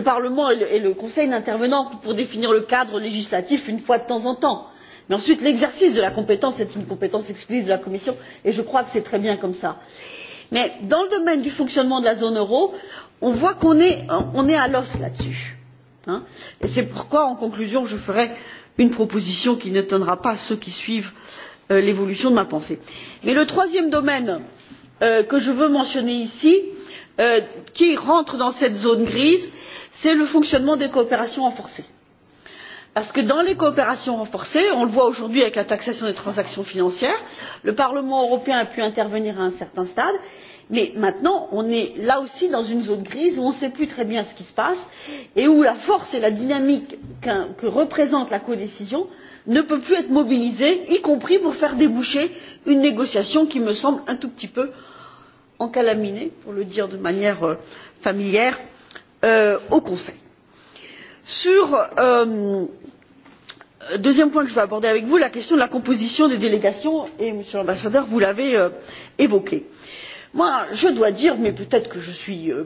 parlement et le conseil n'intervenant que pour définir le cadre législatif une fois de temps en temps mais ensuite l'exercice de la compétence est une compétence exclusive de la commission et je crois que c'est très bien comme cela. mais dans le domaine du fonctionnement de la zone euro on voit qu'on est à l'os là dessus et c'est pourquoi en conclusion je ferai une proposition qui n'étonnera pas ceux qui suivent euh, l'évolution de ma pensée. mais le troisième domaine euh, que je veux mentionner ici euh, qui entre dans cette zone grise c'est le fonctionnement des coopérations renforcées parce que dans les coopérations renforcées on le voit aujourd'hui avec la taxation des transactions financières le parlement européen a pu intervenir à un certain stade mais maintenant on est là aussi dans une zone grise où on ne sait plus très bien ce qui se passe et où la force et la dynamique que représente la codécision ne peuvent plus être mobilisées y compris pour faire déboucher une négociation qui me semble un tout petit peu encalaminée pour le dire de manière euh, familière euh, au conseil sur le euh, deuxième point que je veux aborder avec vous la question de la composition des délégations et monsieur l'ambassadeur vous l'avez euh, évoquée je dois dire mais peut être que je suis euh,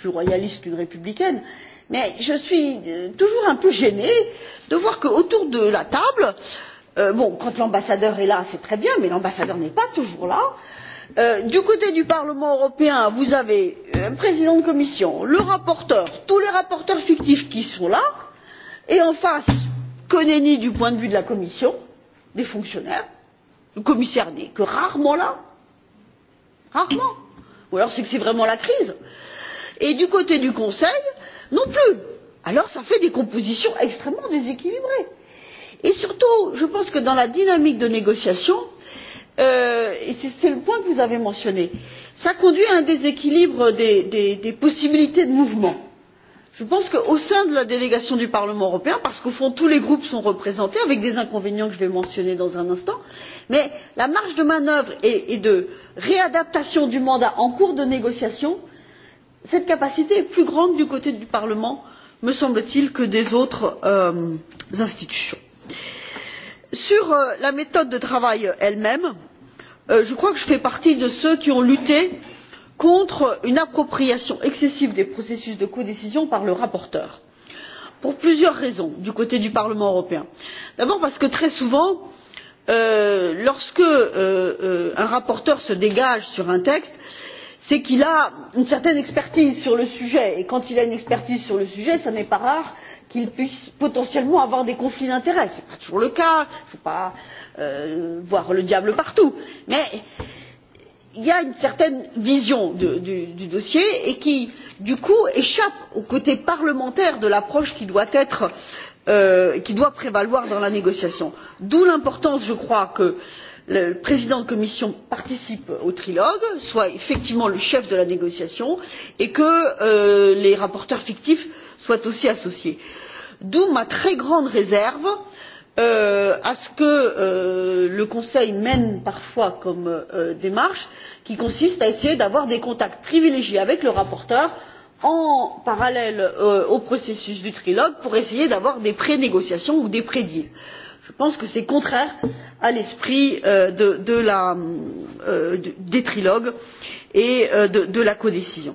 plus royaliste qu'une républicaine que je suis toujours un peu gênée de voir qu'autour de la table quand l'ambassadeur est là c'est très bien mais l'ambassadeur n'est pas toujours là Euh, du côté du parlement européen vous avez euh, un président de commission le rapporteur tous les rapporteurs fictifs qui sont là et en face kanneni du point de vue de la commission des fonctionnaires le commissaire n'est que rarement là rarement ou alors c'est que c'est vraiment la crise et du côté du conseil non plus alors cela fait des compositions extrêmement déséquilibrées. et surtout je pense que dans la dynamique de négociation il Euh, et c'est le point que vous avez mentionné cela conduit à un déséquilibre des possibilités de mouvement. je pense qu'au sein de la délégation du parlement européen parce qu'au fond tous les groupes sont représentés avec des inconvénients que je vais mentionner dans un instant la marge de manœuvre et de réadaptation du mandat en cours de négociation cette capacité est plus grande du côté du parlement me semble t il que des autres euh, institutions sur euh, la méthode de travail elle même euh, je crois que je fais partie de ceux qui ont lutté contre une appropriation excessive des processus de codécision par le rapporteur pour plusieurs raisons du côté du parlement européen. d'abord parce que très souvent euh, lorsqu'un rapporteur se dégage sur un texte c'est qu'il a une certaine expertise sur le sujet et quand il a une expertise sur le sujet ce n'est pas rare qu'ils puissent potentiellement avoir des conflits d'intérêts. ce n'est pas toujours le cas il ne faut pas euh, voir le diable partout mais il y a une certaine vision de, du, du dossier et qui du coup échappe au côté parlementaire de l'approche qui doit être euh, qui doit prévaloir dans la négociation. d'où l'importance je crois que le président de commission participe au trilogue soit effectivement le chef de la négociation et que euh, les rapporteurs fictifs soient aussi associés d'où ma très grande réserve euh, à ce que euh, le conseil mène parfois comme euh, démarche qui consiste à essayer d'avoir des contacts privilégiés avec le rapporteur en parallèle au processus du trilogue pour essayer d'avoir des prénégociations ou des prédeals je pense que c'est contraire à l'esprit des trilogues et de la codécision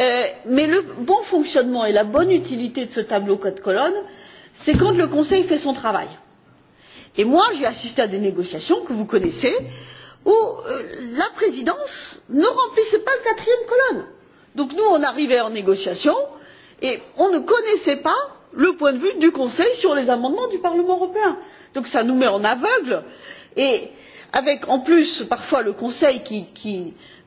Euh, mais le bon fonctionnement et la bonne utilité de ce tableau quatre colonnes c'est quand le conseil fait son travail. et moi j'ai assisté à des négociations que vous connaissez où euh, la présidence ne remplissait pas la quatrième colonne. donc nous on arrivait en négociation et on ne connaissait pas le point de vue du conseil sur les amendements du parlement européen. donc cela nous met en aveugle et avec en plus parfois le conseil qui,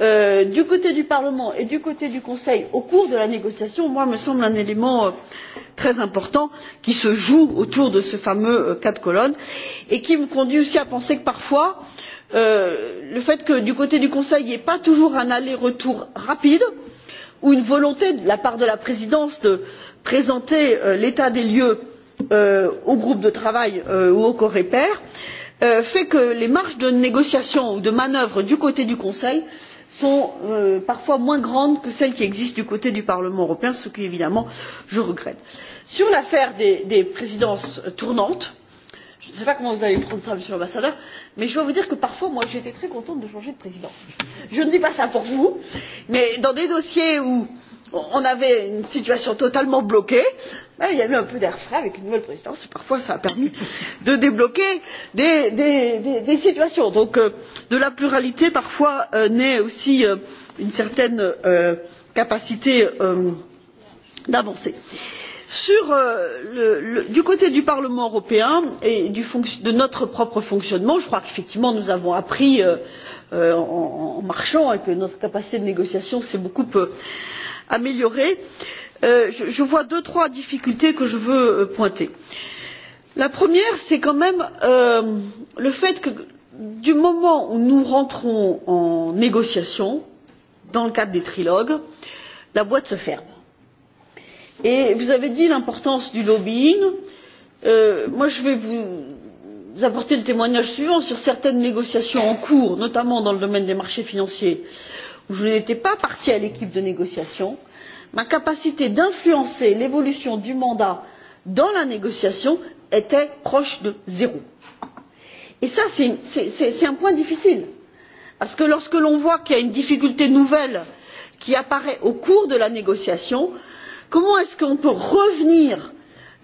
Euh, du côté du parlement et du côté du conseil au cours de la négociation me semble un élément euh, très important qui se joue autour de ce fameux quatre euh, colonnes et qui me conduit aussi à penser que parfois le fait que du côté du conseil il n'y ait pas toujours un aller retour rapide ou une volonté de la part de la présidence de présenter l'état des lieux au groupe de travail ou au coreper fait que les marges de négociation ou de manœuvre du côté du conseil sont euh, parfois moins grandes que celles qui existent du côté du parlement européen ce que évidemment je regrette. sur l'affaire des, présidences tournantes je ne sais pas comment vous allez prendre cela monsieur l'ambassadeur mais je dois vous dire que parfois j'ai été très contente de changer de présidence. je ne dis pas cela pour vous mais dans des dossiers où on avait une situation totalement bloquée mais il y a eu un peu d'air frais avec une nouvelle présidence et parfois cela a permis de débloquer des, situations. donc euh, de la pluralité parfois euh, naît aussi euh, une certaine capacité d'avancer. Le, le, du côté du parlement européen et de notre propre fonctionnement je crois qu'effectivement nous avons appris en, marchant et que notre capacité de négociation s'est beaucoup euh, améliorée euh, je vois deux trois difficultés que je veux euh, pointer. la première c'est quand même euh, le fait que du moment où nous rentrons en négociation dans le cadre des trilogues la boîte se ferme. Et vous avez dit l'importance du lobbying. moi, je vais vous apporter le témoignage suivant sur certaines négociations en cours, notamment dans le domaine des marchés financiers. Euh, où je n'étais pas partie à l'équipe de négociation ma capacité d'influencer l'évolution du mandat dans la négociation était proche de zéro. et c'est un point difficile parce que lorsque l'on voit qu'il y a une difficulté nouvelle qui apparaît au cours de la négociation comment est on peut revenir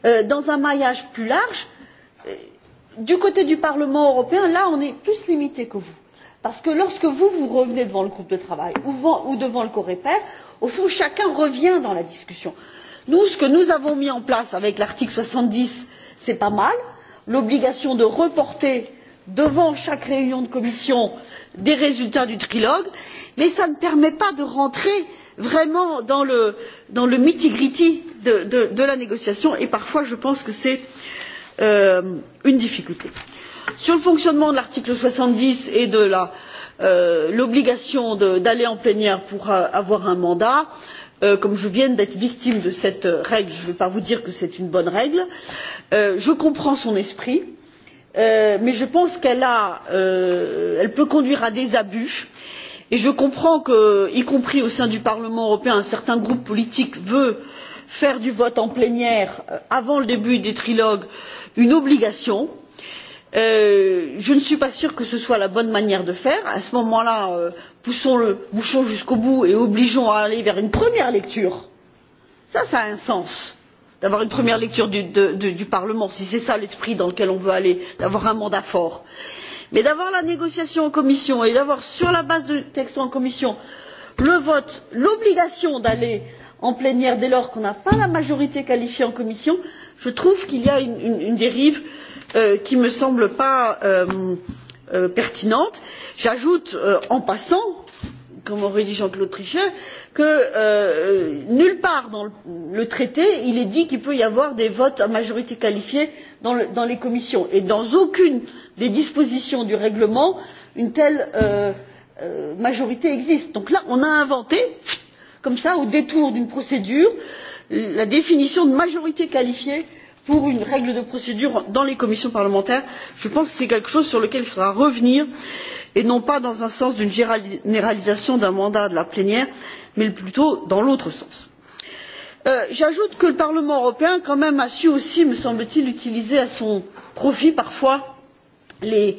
euh, dans un maillage plus large? Euh, du côté du parlement européen là on est plus limité que vous parce que lorsque vous vous revenez devant le groupe de travail ou devant le coreper au fond chacun revient dans la discussion. nous ce que nous avons mis en place avec l'article soixante dix c'est pas mal l'obligation de reporter devant chaque réunion de commission des résultats du trilogue mais cela ne permet pas de rentrer vraiment dans le, dans le nitty gritty de, de, de la négociation et parfois je pense que c'est euh, une difficulté. par sur le fonctionnement de l'article soixante dix et de euh, l'obligation d'aller en plénière pour euh, avoir un mandat euh, comme je viens d'être victime de cette règle je ne vais pas vous dire que c'est une bonne règle je comprends son esprit mais je pense qu'elle peut conduire à des abus et je comprends que y compris au sein du parlement européen un certain groupe politique veuille faire du vote en plénière avant le début des trilogues une obligation. Euh, je ne suis pas sûre que ce soit la bonne manière de faire. à ce moment là euh, poussons le bouchon jusqu'au bout et obligeons à aller vers une première lecture. cela a un sens d'avoir une première lecture du, parlement si c'est cela l'esprit dans lequel on veut aller d'avoir un mandat fort. mais d'avoir la négociation en commission et d'avoir sur la base du texte en commission le vote l'obligation d'aller en plénière dès lors qu'on n'a pas la majorité qualifiée en commission je trouve qu'il y a une, une, une dérive Euh, qui ne me semble pas euh, euh, pertinente. j'ajoute en passant comme aurait dit jean claude trichet que nulle part dans le traité il est dit qu'il peut y avoir des votes à majorité qualifiée dans, les commissions et dans aucune des dispositions du règlement une telle majorité n'existe. donc là on a inventé comme cela au détour d'une procédure la définition de majorité qualifiée pour une règle de procédure dans les commissions parlementaires je pense que c'est quelque chose sur lequel il faudra revenir et non pas dans le sens d'une généralisation d'un mandat de la plénière mais plutôt dans l'autre sens. Euh, j'ajoute que le parlement européen quand même a su aussi me semble t il utiliser à son profit parfois euh,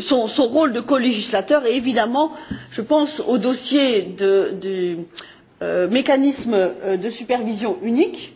son, rôle de colégislateur et évidemment je pense au dossier du euh, mécanisme de supervision unique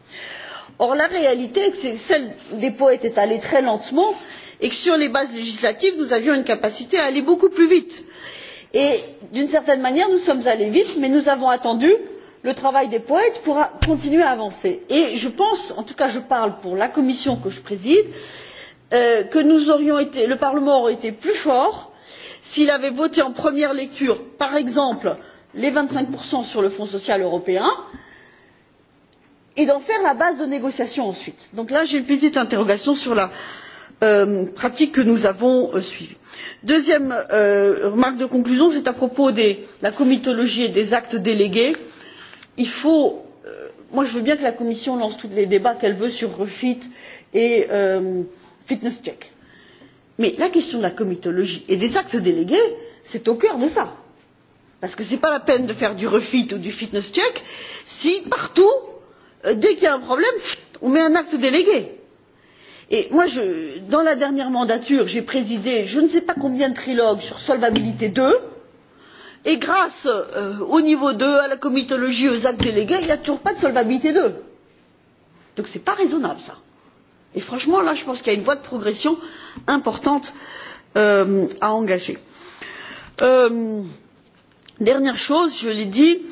or la réalité est que celle des poids est allée très lentement et que sur les bases législatives nous avions une capacité à aller beaucoup plus vite. et d'une certaine manière nous sommes allés vite mais nous avons attendu le travail des poètes pour continuer à avancer et je pense en tout cas je parle pour la commission que je préside euh, que le parlement aurait été plus fort s'il avait voté en première lecture par exemple les vingt cinq sur le fonds social européen et et d'en faire la base de négociation ensuite. donc là j'ai une petite interrogation sur la euh, pratique que nous avons euh, suivie. deuxième euh, remarque de conclusion c'est à propos de la comitologie et des actes délégués. je veux bien que la commission lance tous les débats qu'elle veut sur refit et fitness check mais la question de la comitologie et des actes délégués c'est au cœur de cela parce que ce n'est pas la peine de faire du refit ou du fitness check si partout Euh, dès qu'il y a un problème on met un acte délégué. Et moi, je, dans la dernière mandature j'ai présidé je ne sais pas combien de trilogues sur solvabilité ii et grâce euh, au niveau deux à la comitologie aux actes délégués il n'y a toujours pas de solvabilité ii. donc ce n'est pas raisonnable ça. et franchement là je pense qu'il y a une voie de progression importante euh, à engager. Euh, dernière chose je l'ai dit euh,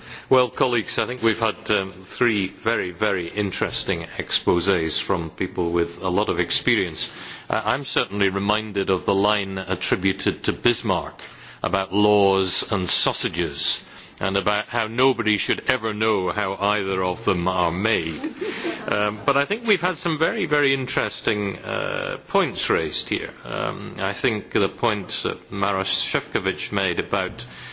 Well, colleagues, I think we've had um, three very, very interesting exposés from people with a lot of experience. i uh, I'm certainly reminded of the line attributed to Bismarck about laws and sausages and about how nobody should ever know how either of them are made. Um, but I think we've had some very, very interesting uh, points raised here. Um, I think the point that Maros efovi made about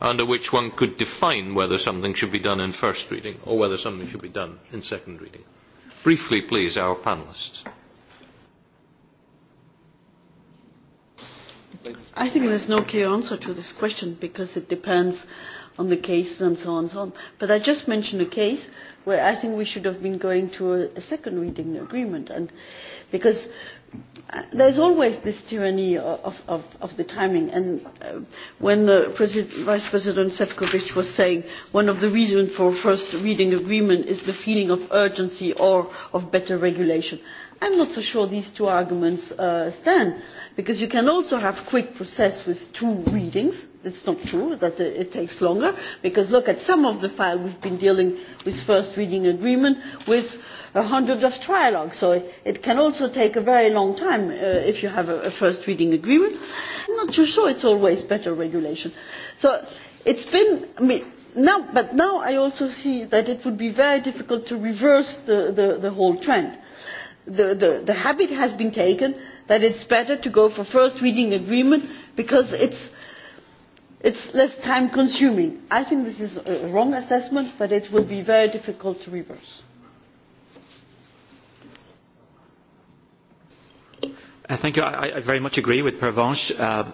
under which one could define whether something should be done in first reading or whether something should be done in second reading. Briefly, please, our panellists. I think there's no clear answer to this question because it depends on the cases and so on and so on. But I just mentioned a case where I think we should have been going to a, a second reading agreement, and because uh, there's always this tyranny of, of, of the timing. And uh, when the President, Vice President Sefcovic was saying one of the reasons for first reading agreement is the feeling of urgency or of better regulation, I'm not so sure these two arguments uh, stand, because you can also have quick process with two readings it's not true that it takes longer because look at some of the files we've been dealing with first reading agreement with a hundred of trialogues so it can also take a very long time uh, if you have a, a first reading agreement. I'm not too sure it's always better regulation. So it's been, I mean, now, but now I also see that it would be very difficult to reverse the, the, the whole trend. The, the, the habit has been taken that it's better to go for first reading agreement because it's it is less time consuming. i think this is a wrong assessment but it will be very difficult to reverse. Uh, thank you. I, I very much agree with Pervenche. Uh,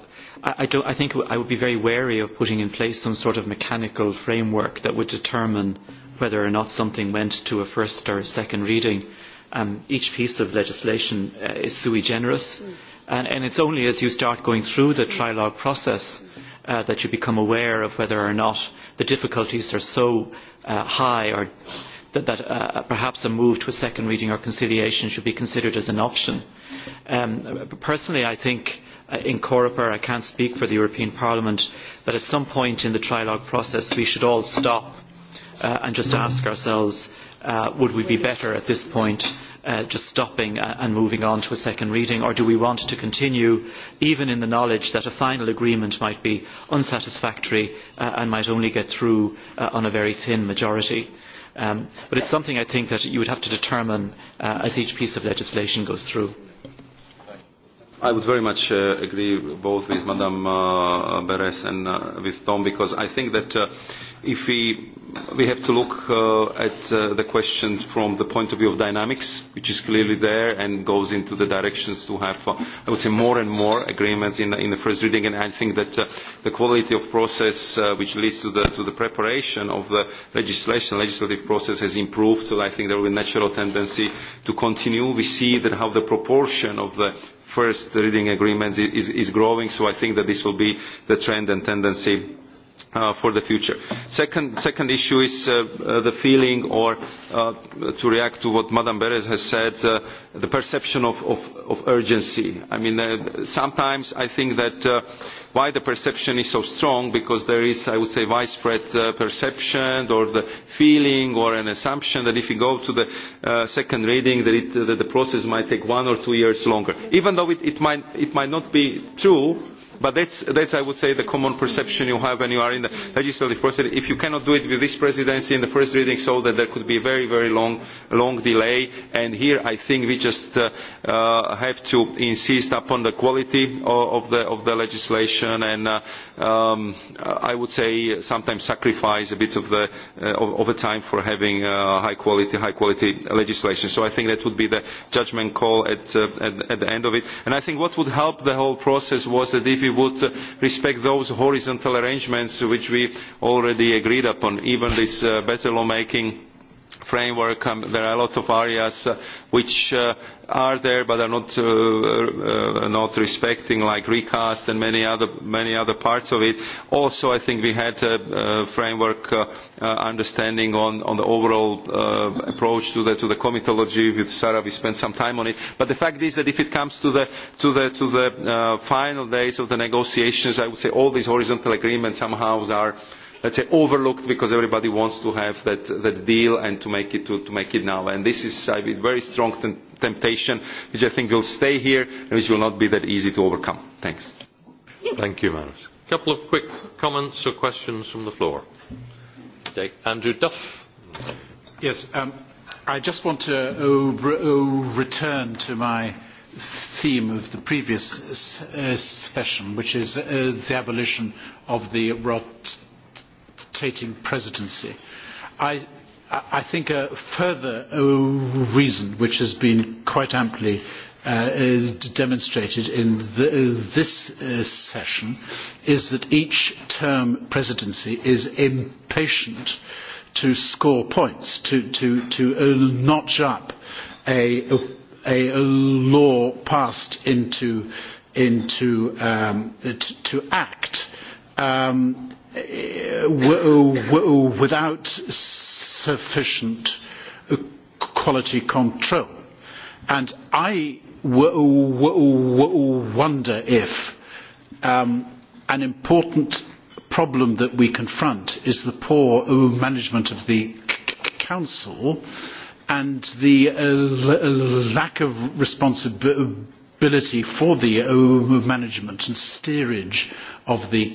I, I, don't, I think I would be very wary of putting in place some sort of mechanical framework that would determine whether or not something went to a first or second reading. Um, each piece of legislation uh, is sui generis, mm. and, and it's only as you start going through the trilogue process Uh, that you become aware of whether or not the difficulties are so uh, high or that, that uh, perhaps a move to a second reading or conciliation should be considered as an option. Um, personally, I think uh, in Coreper, I can't speak for the European Parliament, that at some point in the trilogue process we should all stop uh, and just ask ourselves, uh, would we be better at this point uh, just stopping uh, and moving on to a second reading, or do we want to continue, even in the knowledge that a final agreement might be unsatisfactory uh, and might only get through uh, on a very thin majority? Um, but it's something I think that you would have to determine uh, as each piece of legislation goes through. I would very much uh, agree both with Madame uh, Beres and uh, with Tom because I think that uh, if we, we have to look uh, at uh, the question from the point of view of dynamics, which is clearly there and goes into the directions to have, uh, I would say, more and more agreements in, in the first reading. And I think that uh, the quality of process uh, which leads to the, to the preparation of the legislation, legislative process has improved. So I think there will be a natural tendency to continue. We see that how the proportion of the first reading agreements is, is growing, so I think that this will be the trend and tendency Uh, for the future. Second, second issue is uh, uh, the feeling or uh, to react to what Madame Beres has said, uh, the perception of, of, of urgency. I mean, uh, sometimes I think that uh, why the perception is so strong, because there is, I would say, widespread uh, perception or the feeling or an assumption that if we go to the uh, second reading, that, it, uh, that the process might take one or two years longer. Even though it, it, might, it might not be true, But that's, that's, I would say, the common perception you have when you are in the legislative process. If you cannot do it with this presidency in the first reading, so that there could be a very, very long, long delay. And here I think we just uh, uh, have to insist upon the quality of, of, the, of the legislation and uh, um, I would say sometimes sacrifice a bit of, the, uh, of, of time for having uh, high quality, high quality legislation. So I think that would be the judgment call at, uh, at, at the end of it. And I think what would help the whole process was that if you we would respect those horizontal arrangements which we already agreed upon even this uh, better law making framework. Um, there are a lot of areas uh, which uh, are there but are not, uh, not respecting, like recast and many other, many other parts of it. Also, I think we had a, framework understanding on, on the overall approach to the, to the comitology with Sarah. We spent some time on it. But the fact is that if it comes to the, to the, to the final days of the negotiations, I would say all these horizontal agreements somehow are let's say overlooked because everybody wants to have that, that deal and to make it to, to make it now and this is a very strong temptation which i think will stay here and which will not be that easy to overcome thanks thank you Manus. a couple of quick comments or questions from the floor andrew duff yes um, i just want to return to my theme of the previous uh, session, which is uh, the abolition of the rot rotating presidency. I, I think a further reason, which has been quite amply uh, demonstrated in the, this uh, session, is that each term presidency is impatient to score points, to, to, to uh, notch up a, a, a law passed into, into um, to, to act. Um, without sufficient quality control. And I wonder if um, an important problem that we confront is the poor management of the Council and the uh, lack of responsibility for the uh, management and steerage of the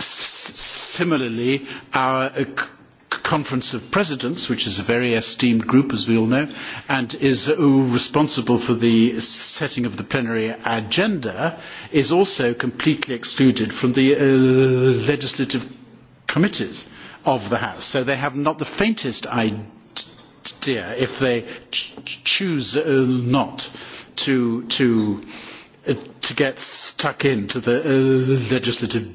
similarly, our uh, Conference of Presidents, which is a very esteemed group, as we all know, and is uh, responsible for the setting of the plenary agenda, is also completely excluded from the uh, legislative committees of the House. So they have not the faintest idea, if they ch choose uh, not to, to, uh, to get stuck into the legislative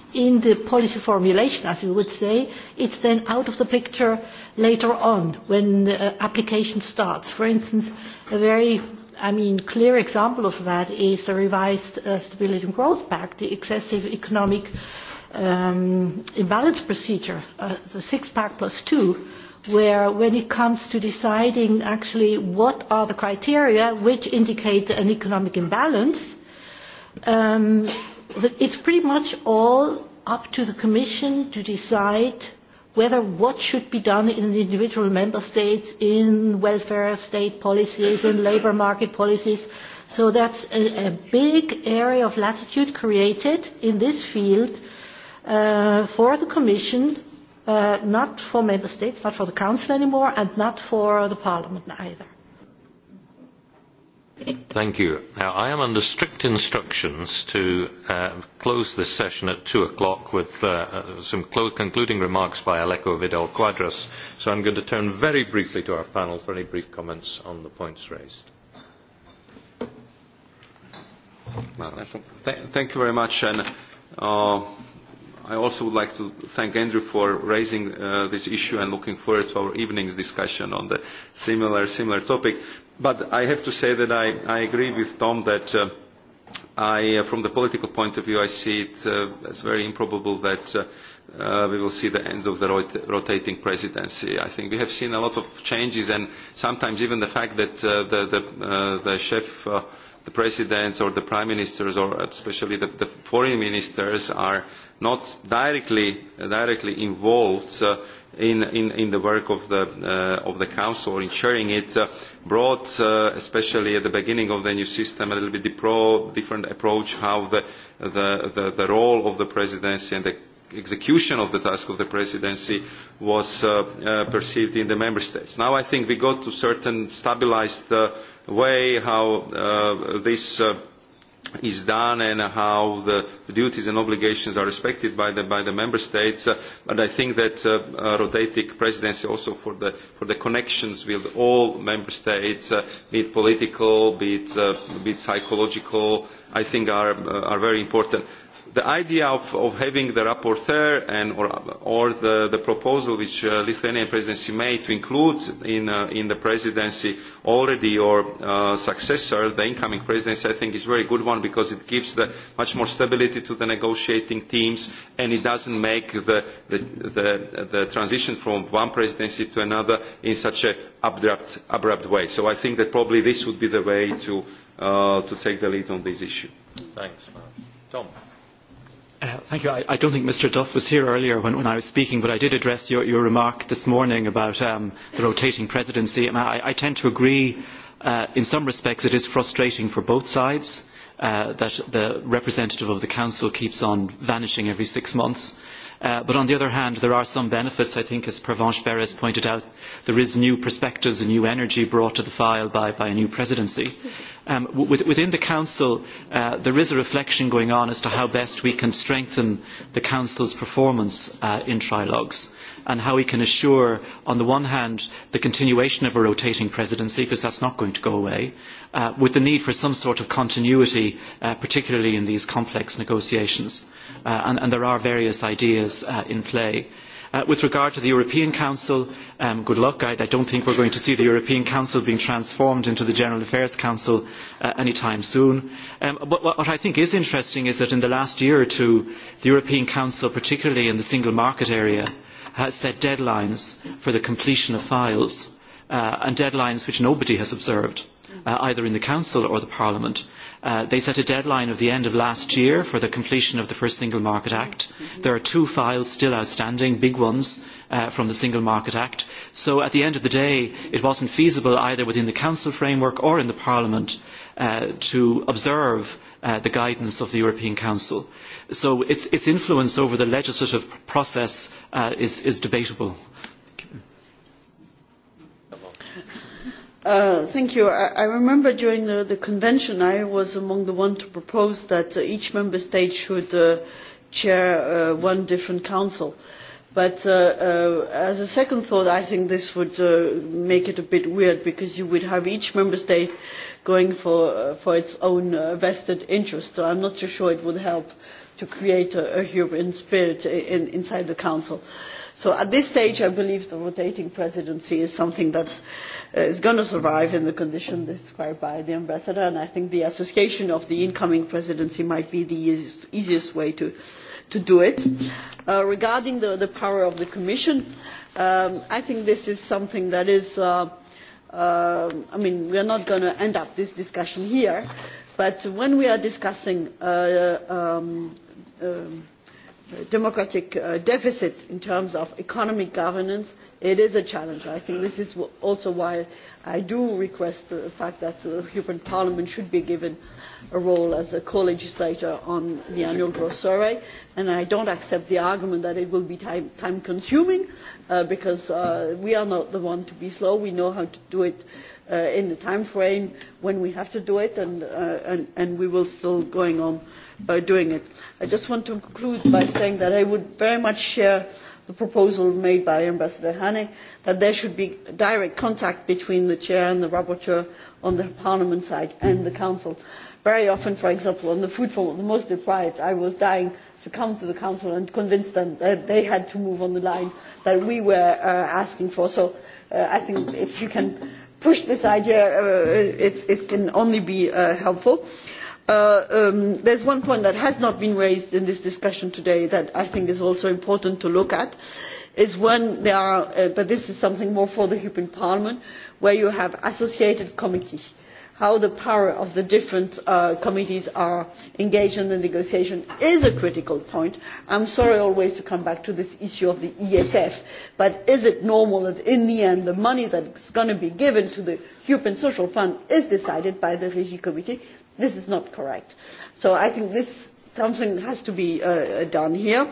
in the policy formulation, as we would say, it's then out of the picture later on when the uh, application starts. For instance, a very I mean, clear example of that is the revised uh, Stability and Growth Pact, the excessive economic um, imbalance procedure, uh, the six-pack plus two, where when it comes to deciding actually what are the criteria which indicate an economic imbalance, um, it's pretty much all up to the Commission to decide whether what should be done in the individual member states in welfare state policies, in labour market policies. So that's a, a big area of latitude created in this field uh, for the Commission, uh, not for member states, not for the Council anymore, and not for the Parliament either. Thank you. Now, I am under strict instructions to uh, close this session at 2 o'clock with uh, uh some concluding remarks by Aleko Vidal Quadras, so I'm going to turn very briefly to our panel for any brief comments on the points raised. Thank you very much. And, uh, I also would like to thank Andrew for raising uh, this issue and looking forward to our evening's discussion on the similar, similar topic. But I have to say that I, agree with Tom that uh, uh, from the political point of view, I see it uh, as very improbable that we will see the end of the rotating presidency. I think we have seen a lot of changes and sometimes even the fact that the, chef, uh, the presidents or the prime ministers or especially the, foreign ministers are not directly, directly involved uh, in, in, in the work of the, uh, of the Council, in sharing it, uh, brought, uh, especially at the beginning of the new system, a little bit different approach how the, the, the, the role of the Presidency and the execution of the task of the presidency was uh, uh, perceived in the member states. Now I think we got to certain stabilized uh, way how uh, this uh, is done and how the, the duties and obligations are respected by the, by the member states. Uh, but I think that uh, uh, rotating presidency also for the, for the connections with all member states, uh, be it political, be it, uh, be it psychological, I think are, uh, are very important the idea of, of having the rapporteur and or, or the, the proposal which uh, Lithuanian presidency made to include in, uh, in the presidency already your uh, successor, the incoming presidency, I think is a very good one because it gives the much more stability to the negotiating teams and it doesn't make the, the, the, the transition from one presidency to another in such an abrupt, abrupt way. So I think that probably this would be the way to, uh, to take the lead on this issue. Thanks. Tom. Uh, I, do not think Mr Duff was here earlier when, I was speaking, but I did address your, remark this morning about um, the rotating presidency. And I, tend to agree, uh, in some respects it is frustrating for both sides uh, that the representative of the Council keeps on vanishing every six months. Uh, but on the other hand, there are some benefits, I think, as Pervenche Beres pointed out. There is new perspectives and new energy brought to the file by, by a new presidency. Um, within the Council, uh, there is a reflection going on as to how best we can strengthen the Council's performance uh, in trilogues and how we can assure, on the one hand, the continuation of a rotating presidency, because that's not going to go away, uh, with the need for some sort of continuity, uh, particularly in these complex negotiations. Uh, and, and there are various ideas uh, in play. Uh, with regard to the European Council, um, good luck. I, I don't think we're going to see the European Council being transformed into the General Affairs Council uh, anytime soon. Um, but what, what I think is interesting is that in the last year or two, the European Council, particularly in the single market area, has set deadlines for the completion of files, uh, and deadlines which nobody has observed, uh, either in the Council or the Parliament. Uh, they set a deadline of the end of last year for the completion of the first Single Market Act. There are two files still outstanding, big ones, uh, from the Single Market Act. So at the end of the day, it wasn't feasible either within the Council framework or in the Parliament uh, to observe uh, the guidance of the European Council. So its, its influence over the legislative process uh, is, is debatable. Uh, thank you. I, remember during the, the convention I was among the ones to propose that uh, each member state should uh, chair uh, one different council. But uh, uh, as a second thought, I think this would uh, make it a bit weird because you would have each member state going for, uh, for its own uh, vested interest. So I'm not so sure it would help to create a, a human spirit in, inside the council. So at this stage, I believe the rotating presidency is something that's uh, Uh, is going to survive in the condition described by the ambassador and i think the association of the incoming presidency might be the easiest, easiest way to, to do it. Uh, regarding the, the power of the commission um, i think this is something that is uh, uh, i mean we are not going to end up this discussion here but when we are discussing uh, um, um democratic uh, deficit in terms of economic governance it is a challenge. i think this is also why i do request the fact that the european parliament should be given a role as a co legislator on the annual growth survey and i do not accept the argument that it will be time, consuming uh, because uh, we are not the ones to be slow we know how to do it in the time frame when we have to do it and, we will still be going on uh, doing it. I just want to conclude by saying that I would very much share the proposal made by Ambassador Hane that there should be direct contact between the chair and the rapporteur on the parliament side and the council. Very often, for example, on the food for the most deprived, I was dying to come to the council and convince them that they had to move on the line that we were uh, asking for. So uh, I think if you can push this idea, uh, it, it can only be uh, helpful. Uh, Uh, um, there is one point that has not been raised in this discussion today that i think is also important to look at when there are uh, but this is something more for the european parliament where you have associated committees how the power of the different uh, committees are engaged in the negotiation is a critical point. i am sorry always to come back to this issue of the esf but is it normal that in the end the money that is going to be given to the european social fund is decided by the regi committee? This is not correct. So I think this something has to be uh, uh, done here.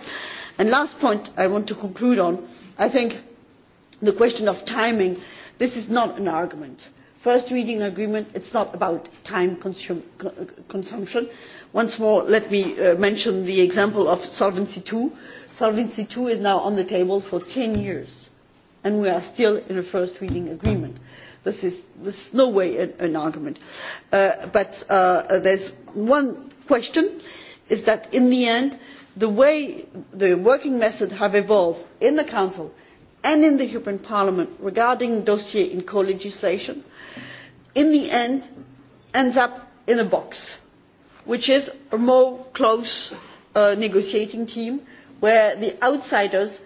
And last point I want to conclude on, I think the question of timing, this is not an argument. First reading agreement, it's not about time consum consumption. Once more, let me uh, mention the example of Solvency II. Solvency II is now on the table for 10 years, and we are still in a first reading agreement. Mm this is, this no way an, argument. Uh, but uh, there is one question is that in the end the way the working methods have evolved in the council and in the european parliament regarding dossiers in co legislation in the end ends up in a box which is a more close uh, negotiating team where the outsiders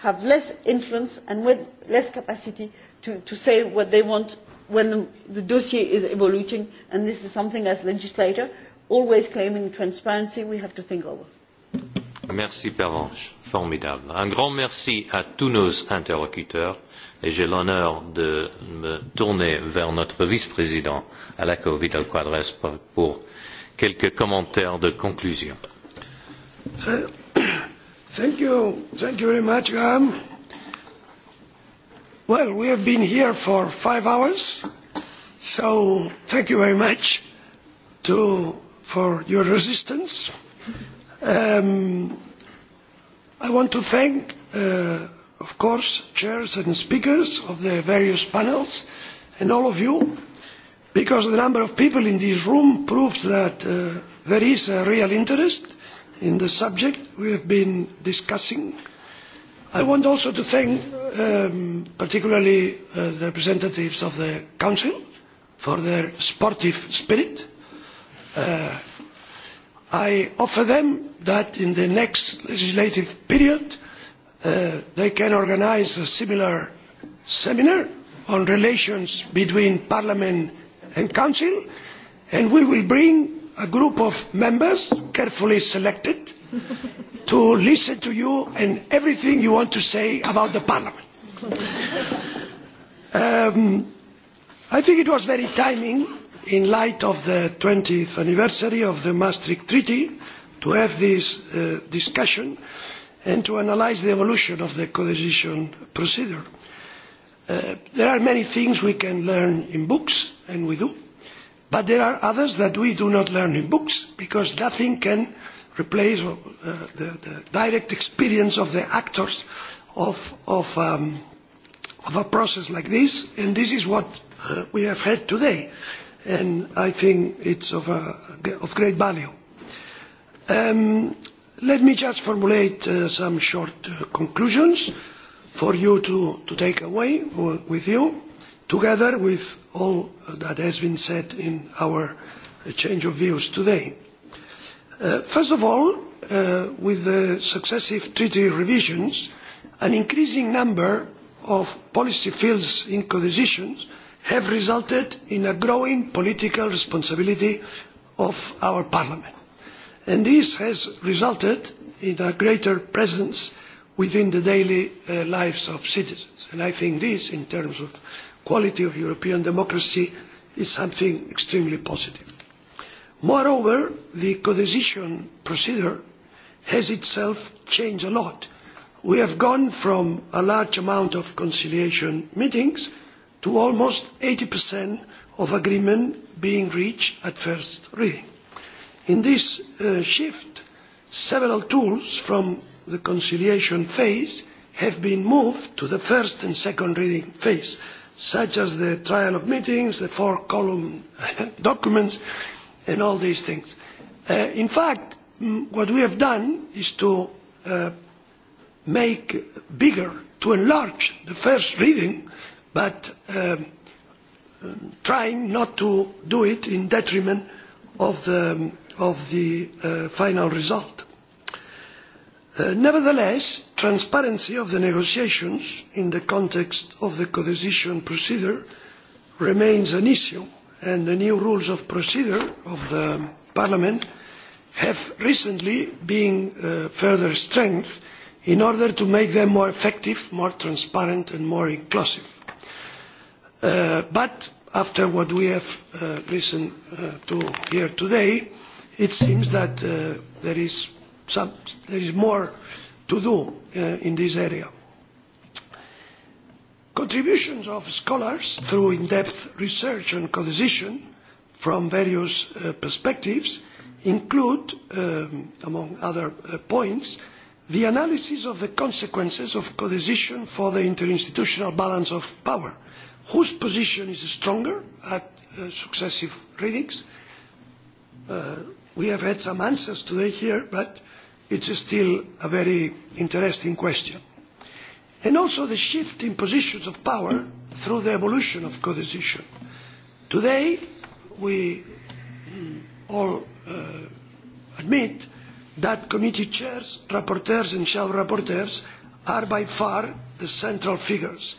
have less influence and less capacity to, say what they want when the, the dossier is evolving and this is something as legislator always claiming transparency we have to think over. Merci Pervenche, formidable. Un grand merci à tous nos interlocuteurs et j'ai l'honneur de me tourner vers notre vice-président à la COVID al Quadres pour quelques commentaires de conclusion. Thank you. Thank you very much, Graham. Well, we have been here for five hours, so thank you very much to, for your resistance. Um, I want to thank, uh, of course, chairs and speakers of the various panels and all of you, because the number of people in this room proves that uh, there is a real interest in the subject we have been discussing i want also to thank um, particularly uh, the representatives of the council for their sportive spirit. Uh, i offer them that in the next legislative period uh, they can organise a similar seminar on relations between parliament and council and we will bring a group of members carefully selected to listen to you and everything you want to say about the parliament. Um, i think it was very timely in light of the twentieth anniversary of the maastricht treaty to have this uh, discussion and to analyse the evolution of the codecision procedure. Uh, there are many things we can learn in books and we do but there are others that we do not learn in books because nothing can replace uh, the, direct experience of the actors of, um, of, a process like this, and this is what uh, we have had today, and I think it's of, uh, of great value. Um, let me just formulate some short conclusions for you to, to take away with you, together with all that has been said in our exchange of views today. Uh, first of all, uh, with the successive treaty revisions, an increasing number of policy fields in codecision have resulted in a growing political responsibility of our parliament and this has resulted in a greater presence within the daily uh, lives of citizens and i think this in terms of quality of european democracy is something extremely positive moreover the codecision procedure has itself changed a lot. we have gone from a large amount of conciliation meetings to almost eighty of agreement being reached at first reading. in this uh, shift several tools from the conciliation phase have been moved to the first and second reading phase such as the trial of meetings the four column (laughs) documents and all these things. Uh, in fact, what we have done is to uh, make bigger, to enlarge the first reading, but uh, trying not to do it in detriment of the, um, of the uh, final result. Uh, nevertheless, transparency of the negotiations in the context of the codecision procedure remains an issue and the new rules of procedure of the parliament have recently been uh, further strengthened in order to make them more effective more transparent and more inclusive. Uh, but after what we have uh, listened to here today it seems that there is more to do in this area Contributions of scholars through in-depth research and codecision from various uh, perspectives include, um, among other uh, points, the analysis of the consequences of codecision for the interinstitutional balance of power, whose position is stronger at uh, successive readings. Uh, we have had some answers today here, but it's still a very interesting question and also the shift in positions of power through the evolution of codecision. Today, we mm, all uh, admit that committee chairs, rapporteurs and shadow rapporteurs are by far the central figures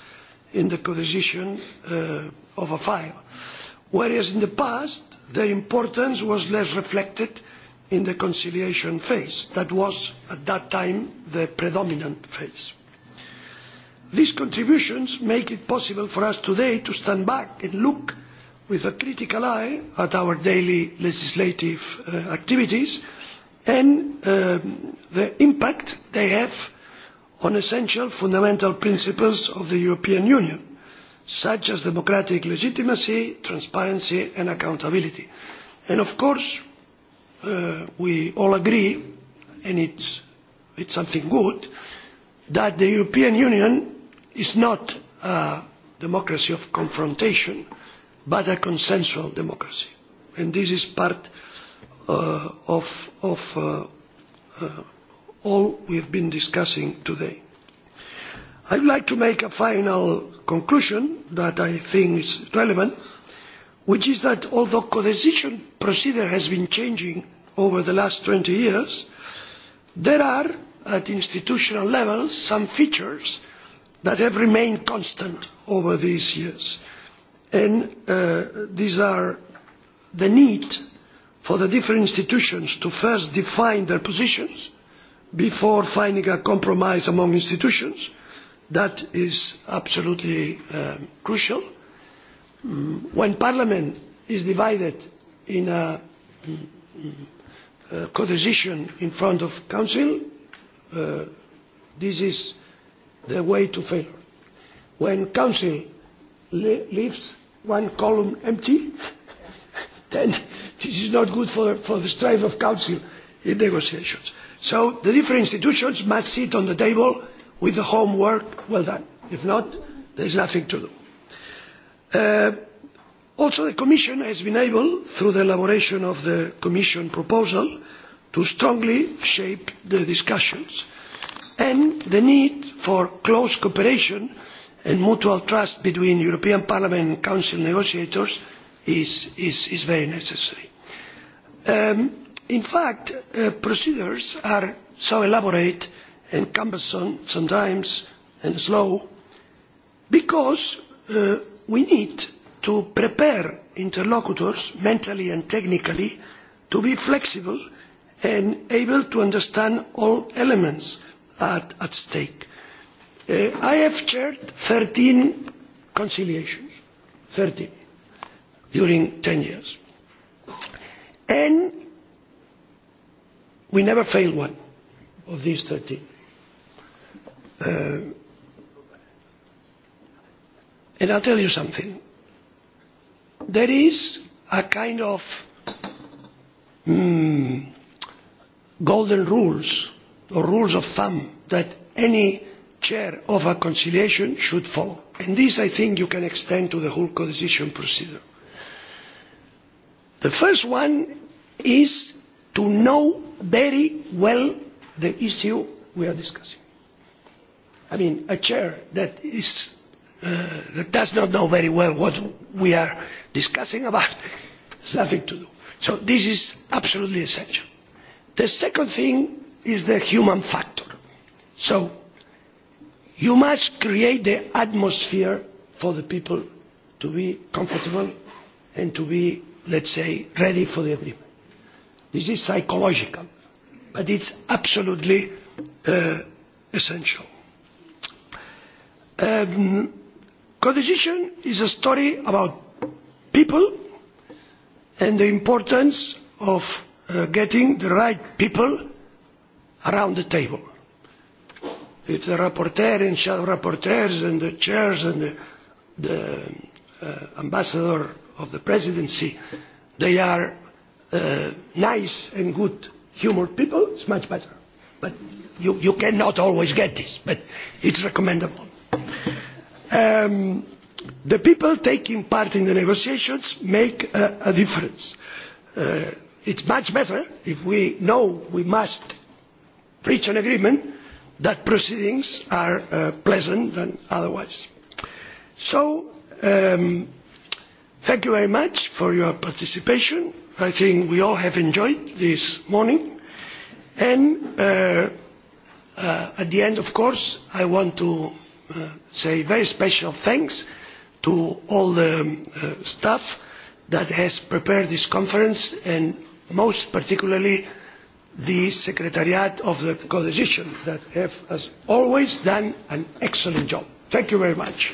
in the codecision uh, of a file, whereas in the past their importance was less reflected in the conciliation phase. That was at that time the predominant phase these contributions make it possible for us today to stand back and look with a critical eye at our daily legislative uh, activities and um, the impact they have on essential fundamental principles of the european union such as democratic legitimacy transparency and accountability. and of course uh, we all agree and it is something good that the european union is not a democracy of confrontation but a consensual democracy and this is part uh, of, of uh, uh, all we have been discussing today. I would like to make a final conclusion that I think is relevant, which is that although codecision procedure has been changing over the last 20 years, there are at institutional level some features that have remained constant over these years and uh, these are the need for the different institutions to first define their positions before finding a compromise among institutions that is absolutely um, crucial. Mm, when parliament is divided in a, mm, mm, codecision in front of council uh, this is the way to failure. When Council leaves one column empty, (laughs) then this is not good for, for the strife of Council in negotiations. So the different institutions must sit on the table with the homework well done. If not, there is nothing to do. Uh, also, the Commission has been able, through the elaboration of the Commission proposal, to strongly shape the discussions and the need for close cooperation and mutual trust between the european parliament and council negotiators is, very necessary. Um, in fact uh, procedures are so elaborate and cumbersome sometimes and slow because uh, we need to prepare interlocutors mentally and technically to be flexible and able to understand all elements at, at stake. Uh, I have chaired 13 conciliations, 13, during 10 years. And we never failed one of these 13. Uh, and I'll tell you something. There is a kind of mm, golden rules the rules of thumb that any chair of a conciliation should follow and this i think you can extend to the whole codecision procedure. the first one is to know very well the issue we are discussing. i mean a chair that, is, uh, that does not know very well what we are discussing about (laughs) has nothing to do. so this is absolutely essential. the second thing is the human factor. So you must create the atmosphere for the people to be comfortable and to be, let's say, ready for the agreement. This is psychological, but it's absolutely uh, essential. Um, co-decision is a story about people and the importance of uh, getting the right people around the table. If the rapporteur and shadow rapporteurs and the chairs and the, the uh, ambassador of the presidency, they are uh, nice and good humor people, it's much better. But you, you cannot always get this, but it's recommendable. Um, the people taking part in the negotiations make a, a difference. Uh, it's much better if we know we must reach an agreement that proceedings are uh, pleasant than otherwise. so um, thank you very much for your participation. i think we all have enjoyed this morning and uh, uh, at the end of course i want to say very special thanks to all the um, staff that has prepared this conference and most particularly the secretariat of the codecision that have as always done an excellent job. thank you very much.